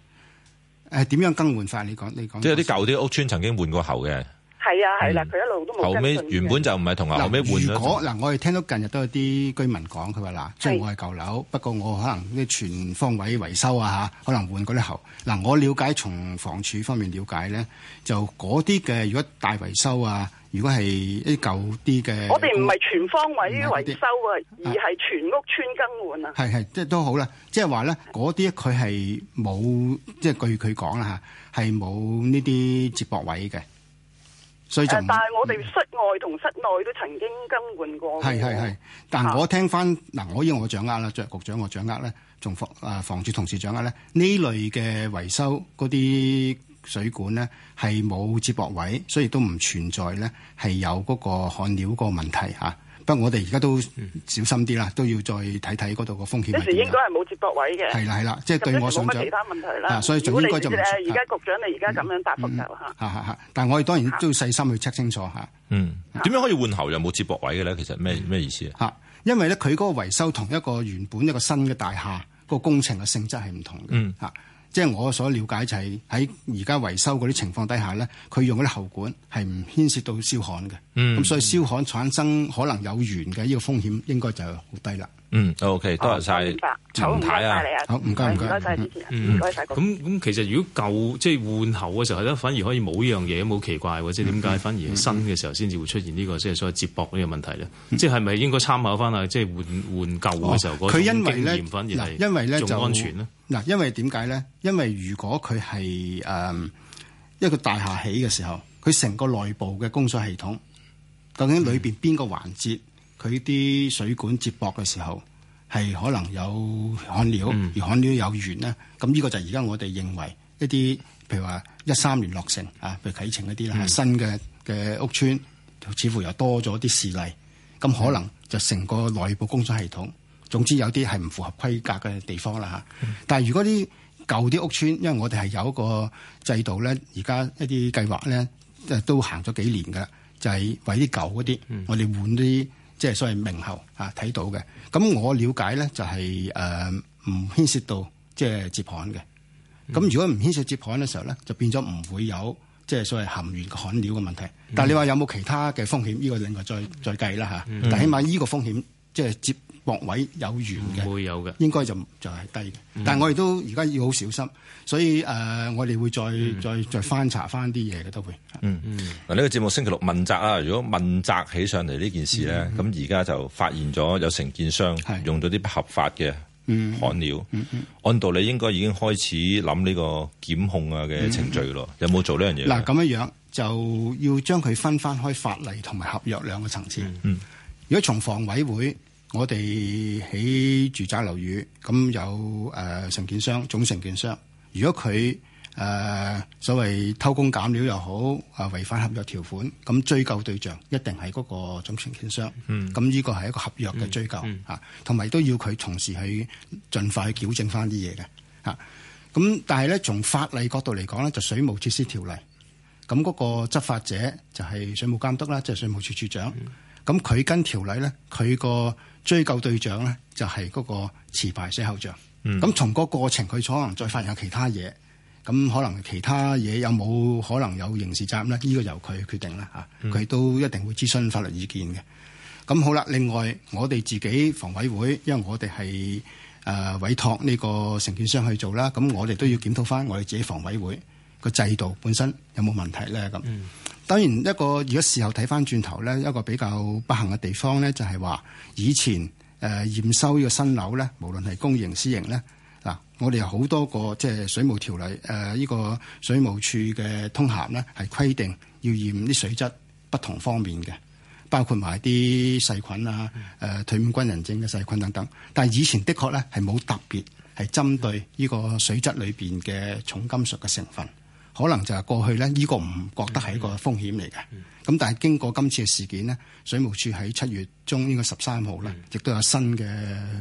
誒，點樣更換法？你講你講，
即係啲舊啲屋邨曾經換過喉嘅。係啊，係啦，佢一路都冇。後尾原本就唔係同樓，後尾換咗。嗱，
我哋聽到近日都有啲居民講，佢話嗱，即係我係舊樓，不過我可能啲全方位維修啊吓，可能換嗰啲喉。嗱，我瞭解從房署方面瞭解咧，就嗰啲嘅，如果大維修啊，如果係一啲舊啲嘅，我哋唔係
全方位維修啊，而係全屋村更換啊。係
係，即係都好啦，即係話咧，嗰啲佢係冇，即係據佢講啦吓，係冇呢啲接駁位嘅。但係我哋室外
同室內都曾經更換過。係係係，
但我聽翻嗱，我以我掌握啦，張局長我掌握咧，仲防住防同事掌握咧，呢類嘅維修嗰啲水管呢，係冇接駁位，所以都唔存在呢，係有嗰個焊料個問題吓。不過，我哋而家都小心啲啦，都要再睇睇嗰度個風險係點。一時應
該係冇接駁位嘅。係啦係啦，即係對我上講。啊，所以應該就唔知。如果而家局長，你而家咁樣答覆就
但係我哋當然都要細心去 check 清楚，嗯，
點樣可以換喉又冇接駁位嘅咧？其實咩咩意思，
因為咧佢嗰個維修同一個原本一個新嘅大廈個工程嘅性質係唔同嘅。嗯。即係我所了解就係喺而家維修嗰啲情況底下呢，佢用嗰啲喉管係唔牽涉到燒焊嘅。咁所以燒焊產生可能有鉛嘅呢個風險，應該就好低啦。嗯
，OK，多謝晒。陳太啊，
好唔該唔該唔該。咁咁其實如果舊即係換喉嘅時候咧，反而可以冇呢樣嘢。冇奇怪，或者點解反而新嘅時候先至會出現呢個即係所謂接駁呢個問題咧？即係係咪應該參考翻啊？即係換換舊嘅時候嗰種經驗，反而係仲安全咧？
嗱，因為點解咧？因為如果佢係誒一個大廈起嘅時候，佢成個內部嘅供水系統。究竟裏邊邊個環節佢啲水管接駁嘅時候，係可能有焊料，而焊料有鉛咧？咁呢個就而家我哋認為一啲，譬如話一三年落成，啊，譬如啟晴嗰啲啦，新嘅嘅屋邨似乎又多咗啲事例，咁可能就成個內部供水系統，總之有啲係唔符合規格嘅地方啦嚇。但係如果啲舊啲屋邨，因為我哋係有一個制度咧，而家一啲計劃咧都行咗幾年噶。就係為啲舊嗰啲，我哋換啲即係所謂明喉嚇睇到嘅。咁我了解咧就係誒唔牽涉到即係接駁嘅。咁如果唔牽涉接駁嘅時候咧，就變咗唔會有即係所謂含鉛嘅焊料嘅問題。但係你話有冇其他嘅風險？呢個另外再再計啦嚇。但起碼呢個風險即係接。博位有緣嘅，會有嘅，應該就就係低嘅。嗯、但係我哋都而家要好小心，所以誒、呃，我哋會再、嗯、再再翻查翻啲嘢嘅，都會
嗯嗯嗱。呢個節目星期六問責啊，如果問責起上嚟呢件事咧，咁而家就發現咗有承建商用咗啲合法嘅飼料，嗯、按道理應該已經開始諗呢個檢控啊嘅程序咯，嗯嗯，有冇做呢樣嘢？嗱，咁
樣就要將佢分翻開法例同埋合約兩個層次。嗯、如果從房委會。我哋喺住宅樓宇咁有誒承建商、總承建商。如果佢誒、呃、所謂偷工減料又好，誒、呃、違反合約條款，咁追究對象一定係嗰個總承建商。咁呢、嗯、個係一個合約嘅追究嚇，同埋、嗯嗯啊、都要佢同時去盡快去矯正翻啲嘢嘅嚇。咁、啊、但係咧，從法例角度嚟講咧，就水務設施條例。咁嗰個執法者就係水務監督啦，即、就、係、是、水務處處長。咁佢、嗯、跟條例咧，佢個。追究對象咧，就係嗰個持牌水喉匠。咁從嗰個過程，佢可能再發現有其他嘢，咁可能其他嘢有冇可能有刑事責任咧？呢個由佢決定啦嚇，佢都一定會諮詢法律意見嘅。咁好啦，另外我哋自己房委會，因為我哋係誒委託呢個承建商去做啦，咁我哋都要檢討翻我哋自己房委會個制度本身有冇問題咧咁。嗯當然一個，如果事後睇翻轉頭咧，一個比較不幸嘅地方咧，就係話以前誒驗、呃、收呢個新樓咧，無論係公營私營咧，嗱、啊，我哋有好多個即係水務條例誒，依、呃這個水務處嘅通函咧，係規定要驗啲水質不同方面嘅，包括埋啲細菌啊、呃、退伍軍人症嘅細菌等等。但以前的確咧係冇特別係針對呢個水質裏面嘅重金屬嘅成分。可能就係過去咧，呢個唔覺得係一個風險嚟嘅。咁但係經過今次嘅事件咧，水務署喺七月中應該十三號咧，亦都有新嘅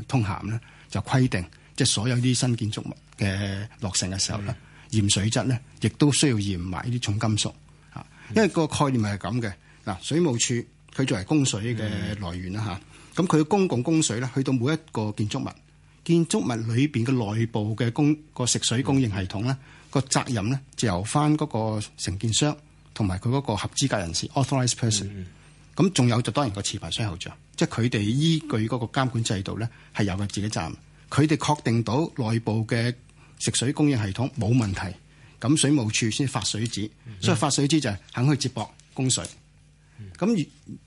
通函咧，就規定即係所有啲新建築物嘅落成嘅時候咧，驗水質咧，亦都需要驗埋呢啲重金屬吓，因為個概念係咁嘅。嗱，水務署佢作為供水嘅來源啦吓，咁佢嘅公共供水咧，去到每一個建築物，建築物裏邊嘅內部嘅供個食水供應系統咧。個責任咧，就由翻嗰個承建商同埋佢嗰個合資格人士 authorized person，咁仲、嗯嗯、有就當然個持牌水喉匠，即係佢哋依據嗰個監管制度咧係由佢自己賺，佢哋確定到內部嘅食水供應系統冇問題，咁水務署先發水紙，所以發水紙就係肯去接駁供水。咁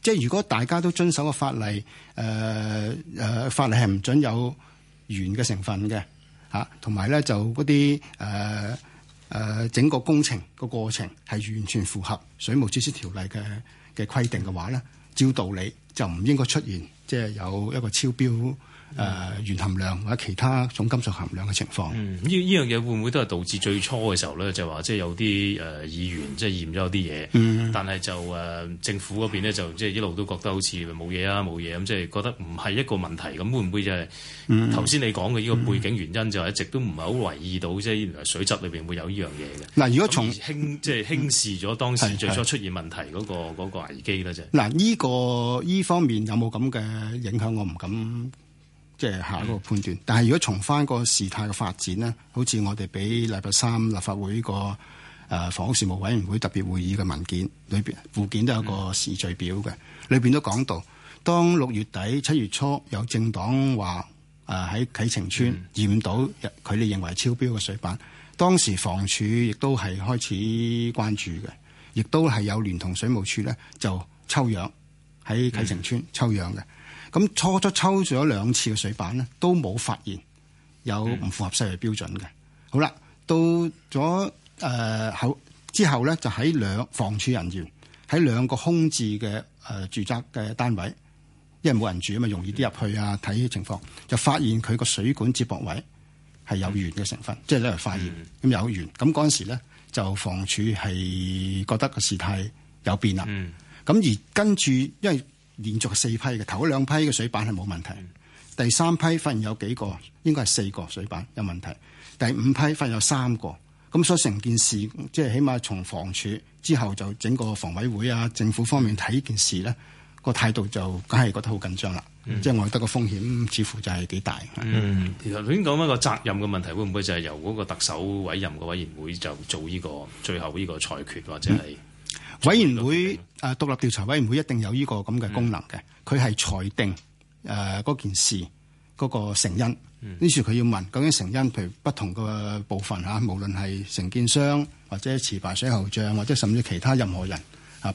即係如果大家都遵守個法例，誒、呃、誒、呃，法例係唔准有鉛嘅成分嘅吓，同埋咧就嗰啲誒。呃誒整個工程個過程係完全符合水務設施條例嘅嘅規定嘅話咧，照道理就唔應該出現即係有一個超標。誒、呃、鉛含量或者其他重金屬含量嘅情況，
呢呢樣嘢會唔會都係導致最初嘅時候咧，就話、是、即係有啲誒、呃、議員即係驗咗啲嘢，嗯、但係就誒、呃、政府嗰邊咧就即係一路都覺得好似冇嘢啊，冇嘢咁，即係覺得唔係一個問題咁，會唔會就係頭先你講嘅呢個背景原因就一直都唔係好懷疑到，即係原來水質裏邊會有呢樣嘢嘅。嗱，如果從輕即係輕視咗當時最初、嗯、出現問題嗰、那個嗰、那個、危機咧，就
嗱呢個呢方面有冇咁嘅影響，我唔敢。即係下一個判斷，但係如果從翻個事態嘅發展呢，好似我哋俾禮拜三立法會個誒房屋事務委員會特別會議嘅文件裏邊，附件都有個時序表嘅，裏邊都講到，當六月底七月初有政黨話誒喺啟晴邨驗到佢哋認為超標嘅水板，當時房署亦都係開始關注嘅，亦都係有聯同水務署呢就抽樣喺啟晴邨抽樣嘅。咁初初抽咗兩次嘅水板咧，都冇發現有唔符合世衞標準嘅。好啦，到咗誒、呃、後之後咧，就喺兩房署人員喺兩個空置嘅、呃、住宅嘅單位，因為冇人住啊嘛，容易啲入去啊睇啲情況，就發現佢個水管接駁位係有鉛嘅成分，嗯、即係咧發現咁有鉛。咁嗰陣時咧，就房署係覺得個事態有變啦。咁、嗯、而跟住，因為連續四批嘅頭嗰兩批嘅水板係冇問題，第三批發現有幾個，應該係四個水板有問題。第五批發現有三個，咁所以成件事即係起碼從房署之後就整個房委會啊，政府方面睇呢件事咧，個態度就梗係覺得好緊張啦。嗯、即係我覺得個風險似乎就係幾大。嗯，
是其實頭先講一個責任嘅問題，會唔會就係由嗰個特首委任嘅委員會就做呢個最後呢個裁決或者係？嗯
委員會啊，獨立調查委員會一定有呢個咁嘅功能嘅，佢係、嗯、裁定誒嗰、呃、件事嗰、嗰個成因。於是佢要問究竟成因，譬如不同嘅部分吓，無論係承建商或者持牌水喉匠，或者甚至其他任何人，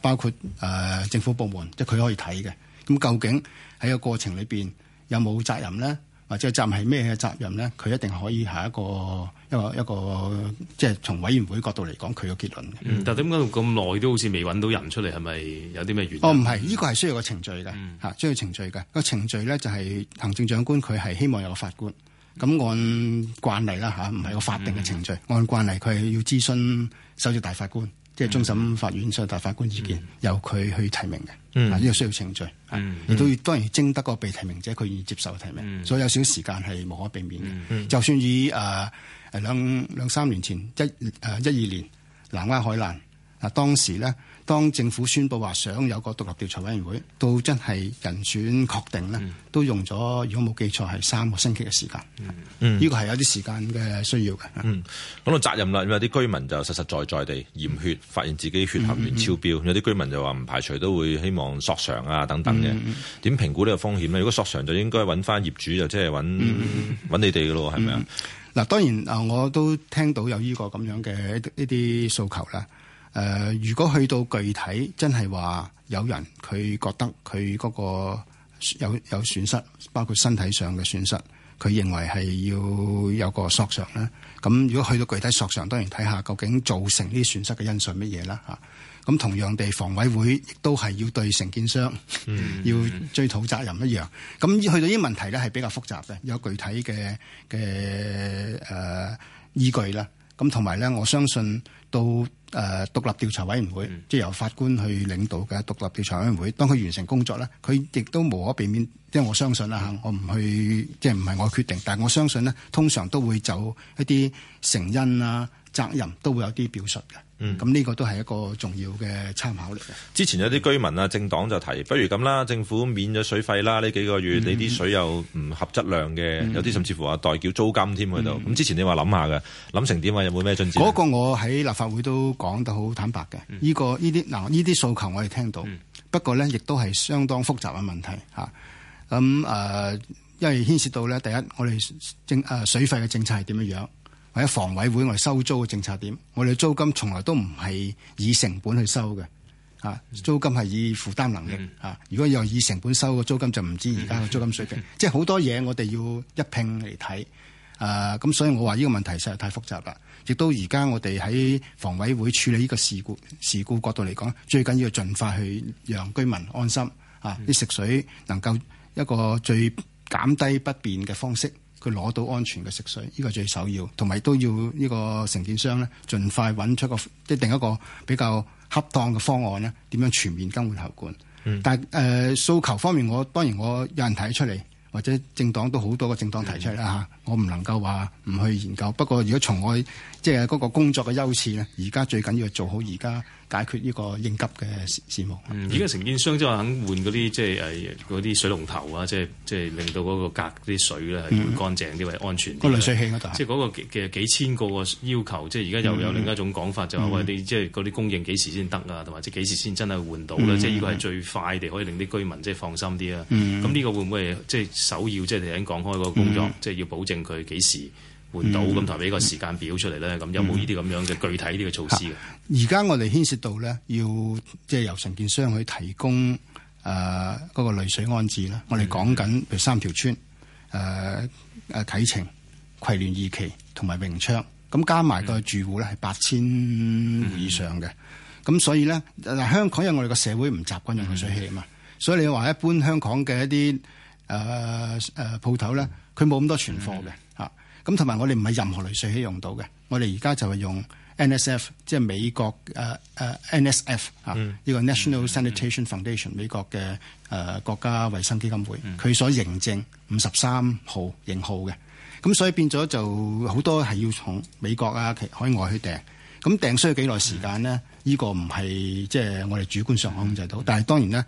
包括誒、呃、政府部門，即係佢可以睇嘅。咁究竟喺個過程裏邊有冇責任咧？或者站係咩嘅責任咧？佢一定可以係一個一個一個，即係從委員會角度嚟講佢個結論嘅。嗯、但
點解做咁耐都好似未揾到人出嚟？係咪有啲咩原因？哦，唔係，
呢、這個係需要一個程序嘅，嚇、嗯、需要程序嘅個程序咧，程序就係行政長官佢係希望有個法官。咁按慣例啦，嚇唔係個法定嘅程序，嗯、按慣例佢係要諮詢首席大法官。即係終審法院上大法官意見，由佢去提名嘅，嗯、啊呢個需要程序，亦都要當然徵得個被提名者佢願意接受提名，嗯、所以有少少時間係無可避免嘅。嗯嗯、就算以誒、呃、兩,兩三年前一、呃、一二年南灣海難嗱、啊、當時咧。當政府宣佈話想有個獨立調查委員會，到真係人選確定咧，都用咗如果冇記錯係三個星期嘅時間。嗯，呢個係有啲時間嘅需要嘅。
嗯，講到責任啦，咁啲居民就實實在在地驗血，發現自己血含鉛超標，嗯嗯、有啲居民就話唔排除都會希望索償啊等等嘅。點評、嗯嗯、估呢個風險呢，如果索償就應該揾翻業主，就即係揾揾你哋噶咯，係咪啊？嗱、嗯
嗯，當然啊，我都聽到有呢個咁樣嘅一啲訴求啦。誒、呃，如果去到具體，真係話有人佢覺得佢嗰個有有損失，包括身體上嘅損失，佢認為係要有個索償咧。咁如果去到具體索償，當然睇下究竟造成呢啲損失嘅因素乜嘢啦嚇。咁、啊、同樣地，房委會亦都係要對承建商、嗯、 要追討責任一樣。咁去到呢啲問題咧，係比較複雜嘅，有具體嘅嘅誒依據啦。咁同埋咧，我相信到誒、呃、獨立調查委員會，即係、嗯、由法官去領導嘅獨立調查委員會。當佢完成工作咧，佢亦都無可避免，即、就、為、是、我相信啦嚇，我唔去即係唔係我決定，但係我相信咧，通常都會走一啲成因啊。責任都會有啲表述嘅，咁呢、嗯、個都係一個重要嘅參考嚟嘅。
之前有啲居民啊，政黨就提，不如咁啦，政府免咗水費啦，呢幾個月、嗯、你啲水又唔合質量嘅，嗯、有啲甚至乎話代繳租金添喺度。咁、嗯、之前你話諗下嘅，諗成點啊？有冇咩進展？嗰個
我喺立法會都講得好坦白嘅，呢、嗯這個呢啲，嗱呢啲訴求我哋聽到，嗯、不過呢亦都係相當複雜嘅問題嚇。咁、啊、誒、嗯呃，因為牽涉到呢，第一我哋政誒水費嘅政策係點樣樣？或者房委會我哋收租嘅政策點？我哋租金從來都唔係以成本去收嘅，啊，租金係以負擔能力啊。如果又以成本收嘅租金，就唔知而家嘅租金水平。 即係好多嘢，我哋要一拼嚟睇，啊、咁、所以我話呢個問題實在太複雜啦。亦都而家我哋喺房委會處理呢個事故事故角度嚟講，最緊要盡快去讓居民安心，啊，啲食水能夠一個最減低不便嘅方式。佢攞到安全嘅食水，呢、呢個最首要，同埋都要呢個承建商咧，盡快揾出個即係定一個比較恰當嘅方案咧，點樣全面更換喉管。嗯、但係誒、呃、訴求方面，我當然我有人提出嚟，或者政黨都好多個政黨提出嚟啦吓。嗯啊我唔能夠話唔去研究，不過如果從我即係嗰個工作嘅優次咧，而家最緊要做好而家解決呢個應急嘅事務。
而家承建商即係肯換嗰啲即係嗰啲水龍頭啊，即係即係令到嗰個隔啲水咧係乾淨啲，或者、嗯、安全、嗰個濾水器嗰度。即係嗰個嘅幾千個個要求，即係而家又有、嗯、另一種講法，就話、是嗯、喂你即係嗰啲供應幾時先得啊？同埋即係幾時先真係換到呢？嗯、即係呢個係最快地可以令啲居民即係放心啲啊！咁呢、嗯、個會唔會即係首要即係你喺講開個工作，嗯、即係要保證？佢幾時換到咁？台俾個時間表出嚟咧？咁、嗯嗯、有冇呢啲咁樣嘅具體呢個措施嘅？
而家我哋牽涉到咧，要即係由承建商去提供誒嗰、呃那個濾水安置啦。我哋講緊譬如三條村誒誒啟晴葵聯二期同埋榮昌，咁加埋個住戶咧係八千戶以上嘅。咁、嗯嗯、所以咧，嗱香港因為我哋個社會唔習慣用濾水器啊嘛，嗯、所以你話一般香港嘅一啲誒誒鋪頭咧。嗯佢冇咁多存貨嘅，嚇咁同埋我哋唔係任何類水器用到嘅，我哋而家就係用 NSF，即係美國 NSF 嚇呢個 National Sanitation Foundation、mm hmm. 美國嘅誒、uh, 國家衞生基金會，佢、mm hmm. 所認證五十三號型號嘅，咁所以變咗就好多係要從美國啊海外去訂，咁訂需要幾耐時間呢？呢、mm hmm. 個唔係即係我哋主觀上控制到，mm hmm. 但係當然咧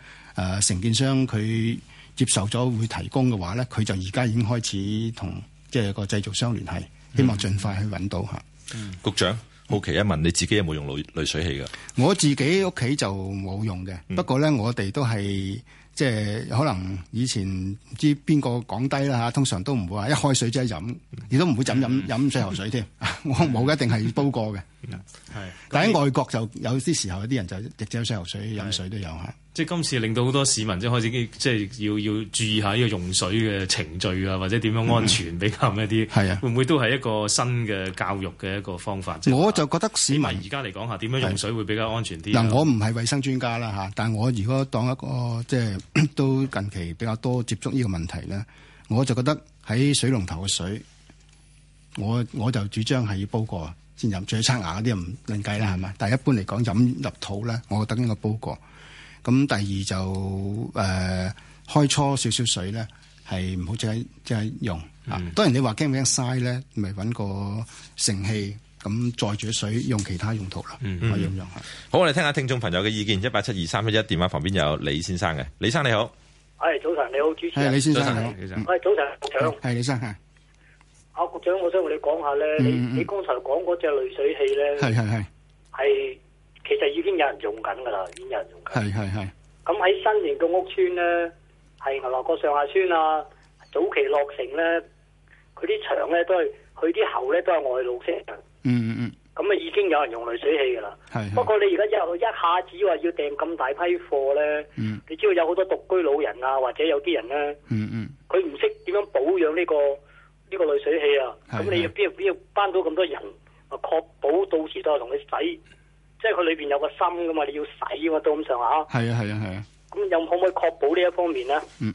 誒承建商佢。接受咗會提供嘅話咧，佢就而家已經開始同即係個製造商聯繫，希望盡快去揾到嚇。嗯
嗯、局長好奇一問，你自己有冇用濾濾水器㗎？我
自己屋企就冇用嘅，不過咧，我哋都係即係可能以前唔知邊個講低啦嚇，通常都唔會話一開水即係飲，亦都唔會飲飲飲水喉水添、嗯。 我冇一定係煲過嘅。.係，但喺外國就有啲時候，有啲人就直接洗游水，飲的水都有吓。
即係今次令到好多市民即係開始，即、就、係、是、要要注意下呢個用水嘅程序啊，或者點樣安全、嗯、比較一啲。係啊的，會唔會都係一個新嘅教育嘅一個方法？的就是、我就覺得市民而家嚟講下，點樣用水會比較安全啲。嗱，我唔
係衛生專家啦吓，但我如果當一個即係都近期比較多接觸呢個問題咧，我就覺得喺水龍頭嘅水，我我就主張係要煲過。先飲住去刷牙嗰啲又唔另計啦，係嘛？但係一般嚟講飲入肚咧，我覺得應該煲過。咁第二就誒、是呃、開初少少水咧，係唔好再即係用。嗯、當然你話驚唔驚嘥咧，咪揾個盛器咁載住水用其他用途啦。嗯、可以咁樣。
好，我哋聽下聽，聽眾朋友嘅意見。一八七二三一一電話旁邊有李先生嘅。李先生你好，
係、hey, 早晨，你好，主持人，早晨，早晨，早
晨，郭係李先生。
阿、啊、局長，我想同你講下咧、嗯，你你剛才講嗰隻濾水器咧，係係係，係其實已經有人用緊噶啦，已經有人用緊。係係係。咁喺新型嘅屋村咧，係牛頭角上下村啊，早期落成咧，佢啲牆咧都係，佢啲喉咧都係外露式嗯。嗯嗯嗯。咁啊，已經有人用濾水器噶啦。係。不過你而家一一下子話要訂咁大批貨咧，嗯、你知道有好多獨居老人啊，或者有啲人咧，佢唔識點樣保養呢、這個。呢個濾水器啊，咁你要邊要班到咁多人啊？
確保到時都係同你洗，即
係佢裏面有個芯噶嘛，你要洗啊嘛，到咁上下。係啊，係啊，係啊。咁有可唔可以確
保呢一
方面呢？嗯，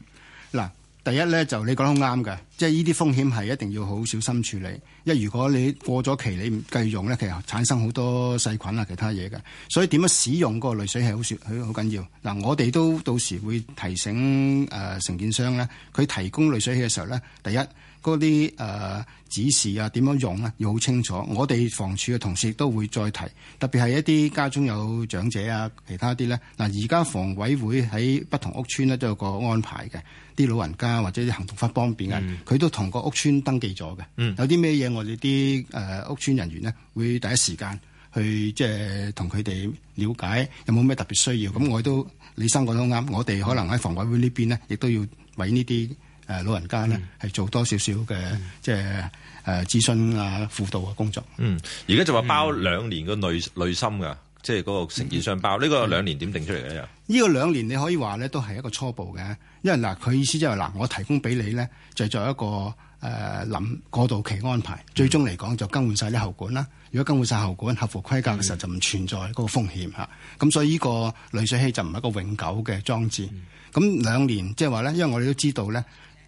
嗱，第一咧就你講得好啱嘅，即係呢啲風險係一定要好小心處理。因為如果你過咗期，你唔繼續用咧，其實產生好多細菌啊，其他嘢嘅。所以點樣使用個濾水器好雪好緊要。嗱，我哋都到時會提醒誒承建商咧，佢提供濾水器嘅時候咧，第一。嗰啲、呃、指示啊，點樣用啊，要好清楚。我哋房署嘅同事亦都會再提，特別係一啲家中有長者啊，其他啲咧。嗱，而家房委會喺不同屋邨咧都有個安排嘅。啲老人家或者啲行動不方便啊，佢、嗯、都同個屋邨登記咗嘅。嗯、有啲咩嘢，我哋啲屋邨人員咧會第一時間去即係同佢哋了解有冇咩特別需要。咁、嗯、我都李生講得啱，嗯、我哋可能喺房委會呢邊咧，亦都要為呢啲。誒，老人家呢係、嗯、做多少少嘅、嗯、即係誒諮詢啊、輔導嘅工作。嗯，
而家就話包兩年嘅濾、嗯、濾芯噶，即係嗰個承建商包呢、嗯、個兩年點定出嚟嘅？呢、嗯嗯
嗯這個兩年你可以話呢都係一個初步嘅，因為嗱佢、呃、意思即係嗱我提供俾你呢，就做、是、一個誒諗、呃、過渡期安排，最終嚟講就更換晒啲喉管啦。如果更換晒喉管合乎規格嘅時候就唔存在嗰個風險吓。咁、嗯、所以呢個濾水器就唔係一個永久嘅裝置。咁兩、嗯、年即係話呢，因為我哋都知道呢。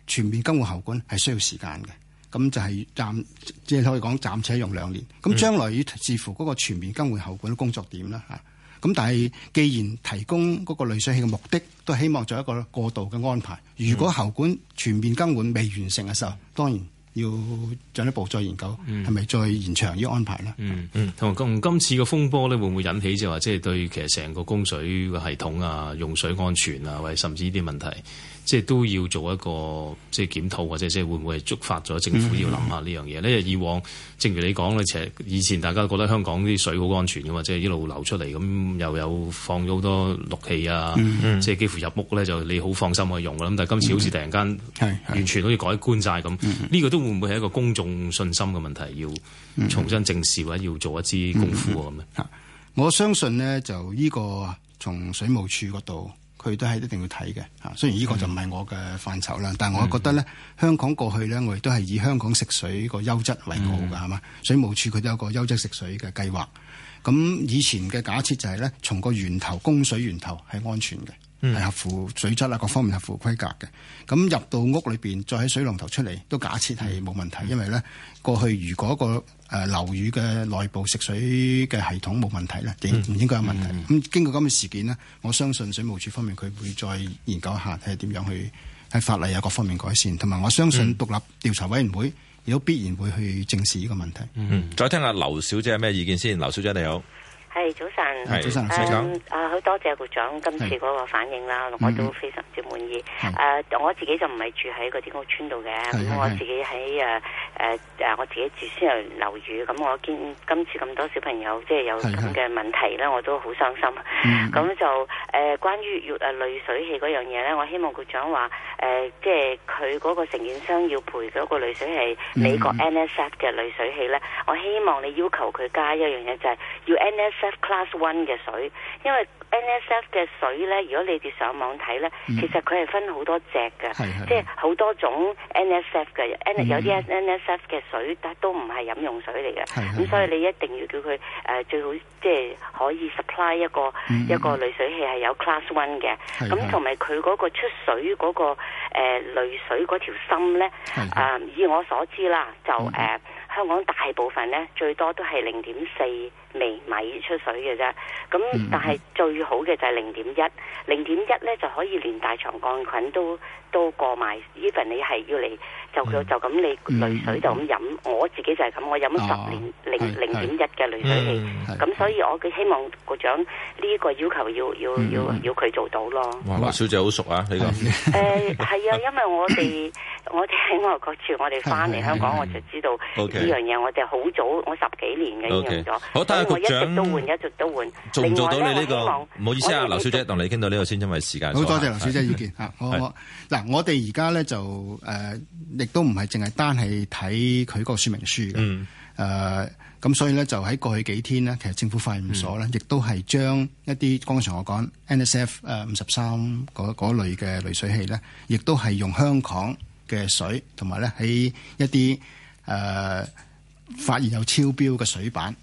全面更換喉管係需要時間嘅，咁就係暫即係可以講暫且用兩年。咁將來要視乎嗰個全面更換喉管的工作點啦嚇。咁但係既然提供嗰個濾水器嘅目的，都希望做一個過渡嘅安排。如果喉管全面更換未完成嘅時候，當然要進一步再研究，係咪再延長呢啲安排啦、嗯。
嗯嗯。同埋今今次嘅風波咧，會唔會引起就係話即係對其實成個供水嘅系統啊、用水安全啊，或者甚至呢啲問題？即係都要做一個即係檢討，或者即係會唔會係觸發咗政府、嗯、要諗下呢樣嘢？因為以往正如你講咧，其實以前大家都覺得香港啲水好安全嘅嘛，即係一路流出嚟咁，又有放咗好多氯氣啊，嗯、即係幾乎入屋咧，就你好放心去用嘅啦。咁但係今次好似突然間完全好似改觀曬咁，呢個都會唔會係一個公眾信心嘅問題，要重新正視或者要做一啲功夫咁、嗯嗯、
我相信呢，就呢個從水務處嗰度。佢都係一定要睇嘅，啊，雖然呢個就唔係我嘅範疇啦，嗯、但係我覺得呢香港過去呢，我亦都係以香港食水個優質為好噶，係嘛，嗯？水務署佢都有個優質食水嘅計劃。咁以前嘅假設就係呢，從個源頭供水源頭係安全嘅，係、嗯、合乎水質呀，各方面合乎規格嘅。咁入到屋裏邊，再喺水龍頭出嚟，都假設係冇問題，嗯、因為呢過去如果個誒、呃、樓宇嘅內部食水嘅系統冇問題啦，應唔、嗯、應該有問題？咁、嗯嗯、經過今日事件咧，我相信水務署方面佢會再研究一下，係點樣去喺法例有各方面改善，同埋我相信獨立調查委員會亦都必然會去正視呢
個問題。嗯，再聽下劉小姐有咩意見先，劉小姐你好。
係早晨，早晨，早晨，嗯、好啊，好多謝局長今次嗰個反應啦，是我都非常之滿意。誒、嗯啊，我自己就唔係住喺嗰啲屋邨度嘅，咁我自己喺誒誒誒，我自己住私人樓宇。咁我見今次咁多小朋友即係有咁嘅問題咧，是是我都好傷心。咁、嗯、就誒、呃，關於要誒濾水器嗰樣嘢咧，我希望局長話誒，即係佢嗰個承建商要賠嗰個濾水器，美國 NSF 嘅濾水器咧，我希望你要求佢加一樣嘢，就係、是、要 NS。1 class one 嘅水，因為 NSF 嘅水呢，如果你哋上網睇呢，嗯、其實佢係分好多隻嘅，即係好多種 NSF 嘅，有啲 NSF 嘅水但都唔係飲用水嚟嘅，咁所以你一定要叫佢誒、呃、最好即係可以 supply 一個、嗯、一個濾水器係有 Class one 嘅，咁同埋佢嗰個出水嗰、那個誒濾、呃、水嗰條芯咧是、呃，以我所知啦，就誒、嗯呃、香港大部分呢，最多都係零點四。微米出水嘅啫，咁但係最好嘅就係零點一，零點一咧就可以連大腸桿菌都都過埋，even 你係要嚟。就佢就咁，你氯水就咁飲。我自己就係咁，我飲咗十年零零點一嘅氯水氣。咁所以，我希望局長呢個要求要要要要佢做到咯。劉
小姐好熟啊，你咁。誒
係啊，因為我哋我哋喺外國住，我哋翻嚟香港，我就知道呢樣嘢，我哋好早我十幾年已經用咗。好，多謝局長。一直都換，一直都換。仲做到你呢個？唔好意思啊，劉
小姐，同你傾到呢個先，因為時間。好多謝劉小姐意見
嚇，我我嗱，我哋而家咧就誒。亦都唔係淨係單係睇佢個說明書嘅，誒、嗯，咁、呃、所以咧就喺過去幾天呢，其實政府化驗所咧亦都係將一啲剛才我講 NSF 誒五十三嗰嗰類嘅濾水器咧，亦都係用香港嘅水，同埋咧喺一啲誒、呃、發現有超標嘅水板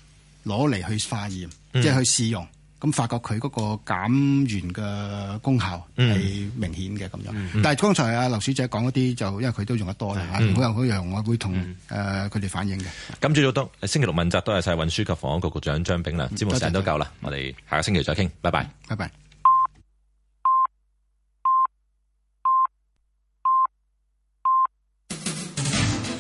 攞嚟去化驗，嗯、即係去試用。咁發覺佢嗰個減完嘅功效係明顯嘅咁樣，嗯、但係剛才啊劉小姐講嗰啲就因為佢都用得多啦嚇，好樣好樣，我會同佢哋反映嘅。
咁朝、嗯、早都星期六問責，多謝晒運輸及房屋局局長張炳良，嗯、節目時間都夠啦，謝我哋下個星期再傾，拜拜，拜拜。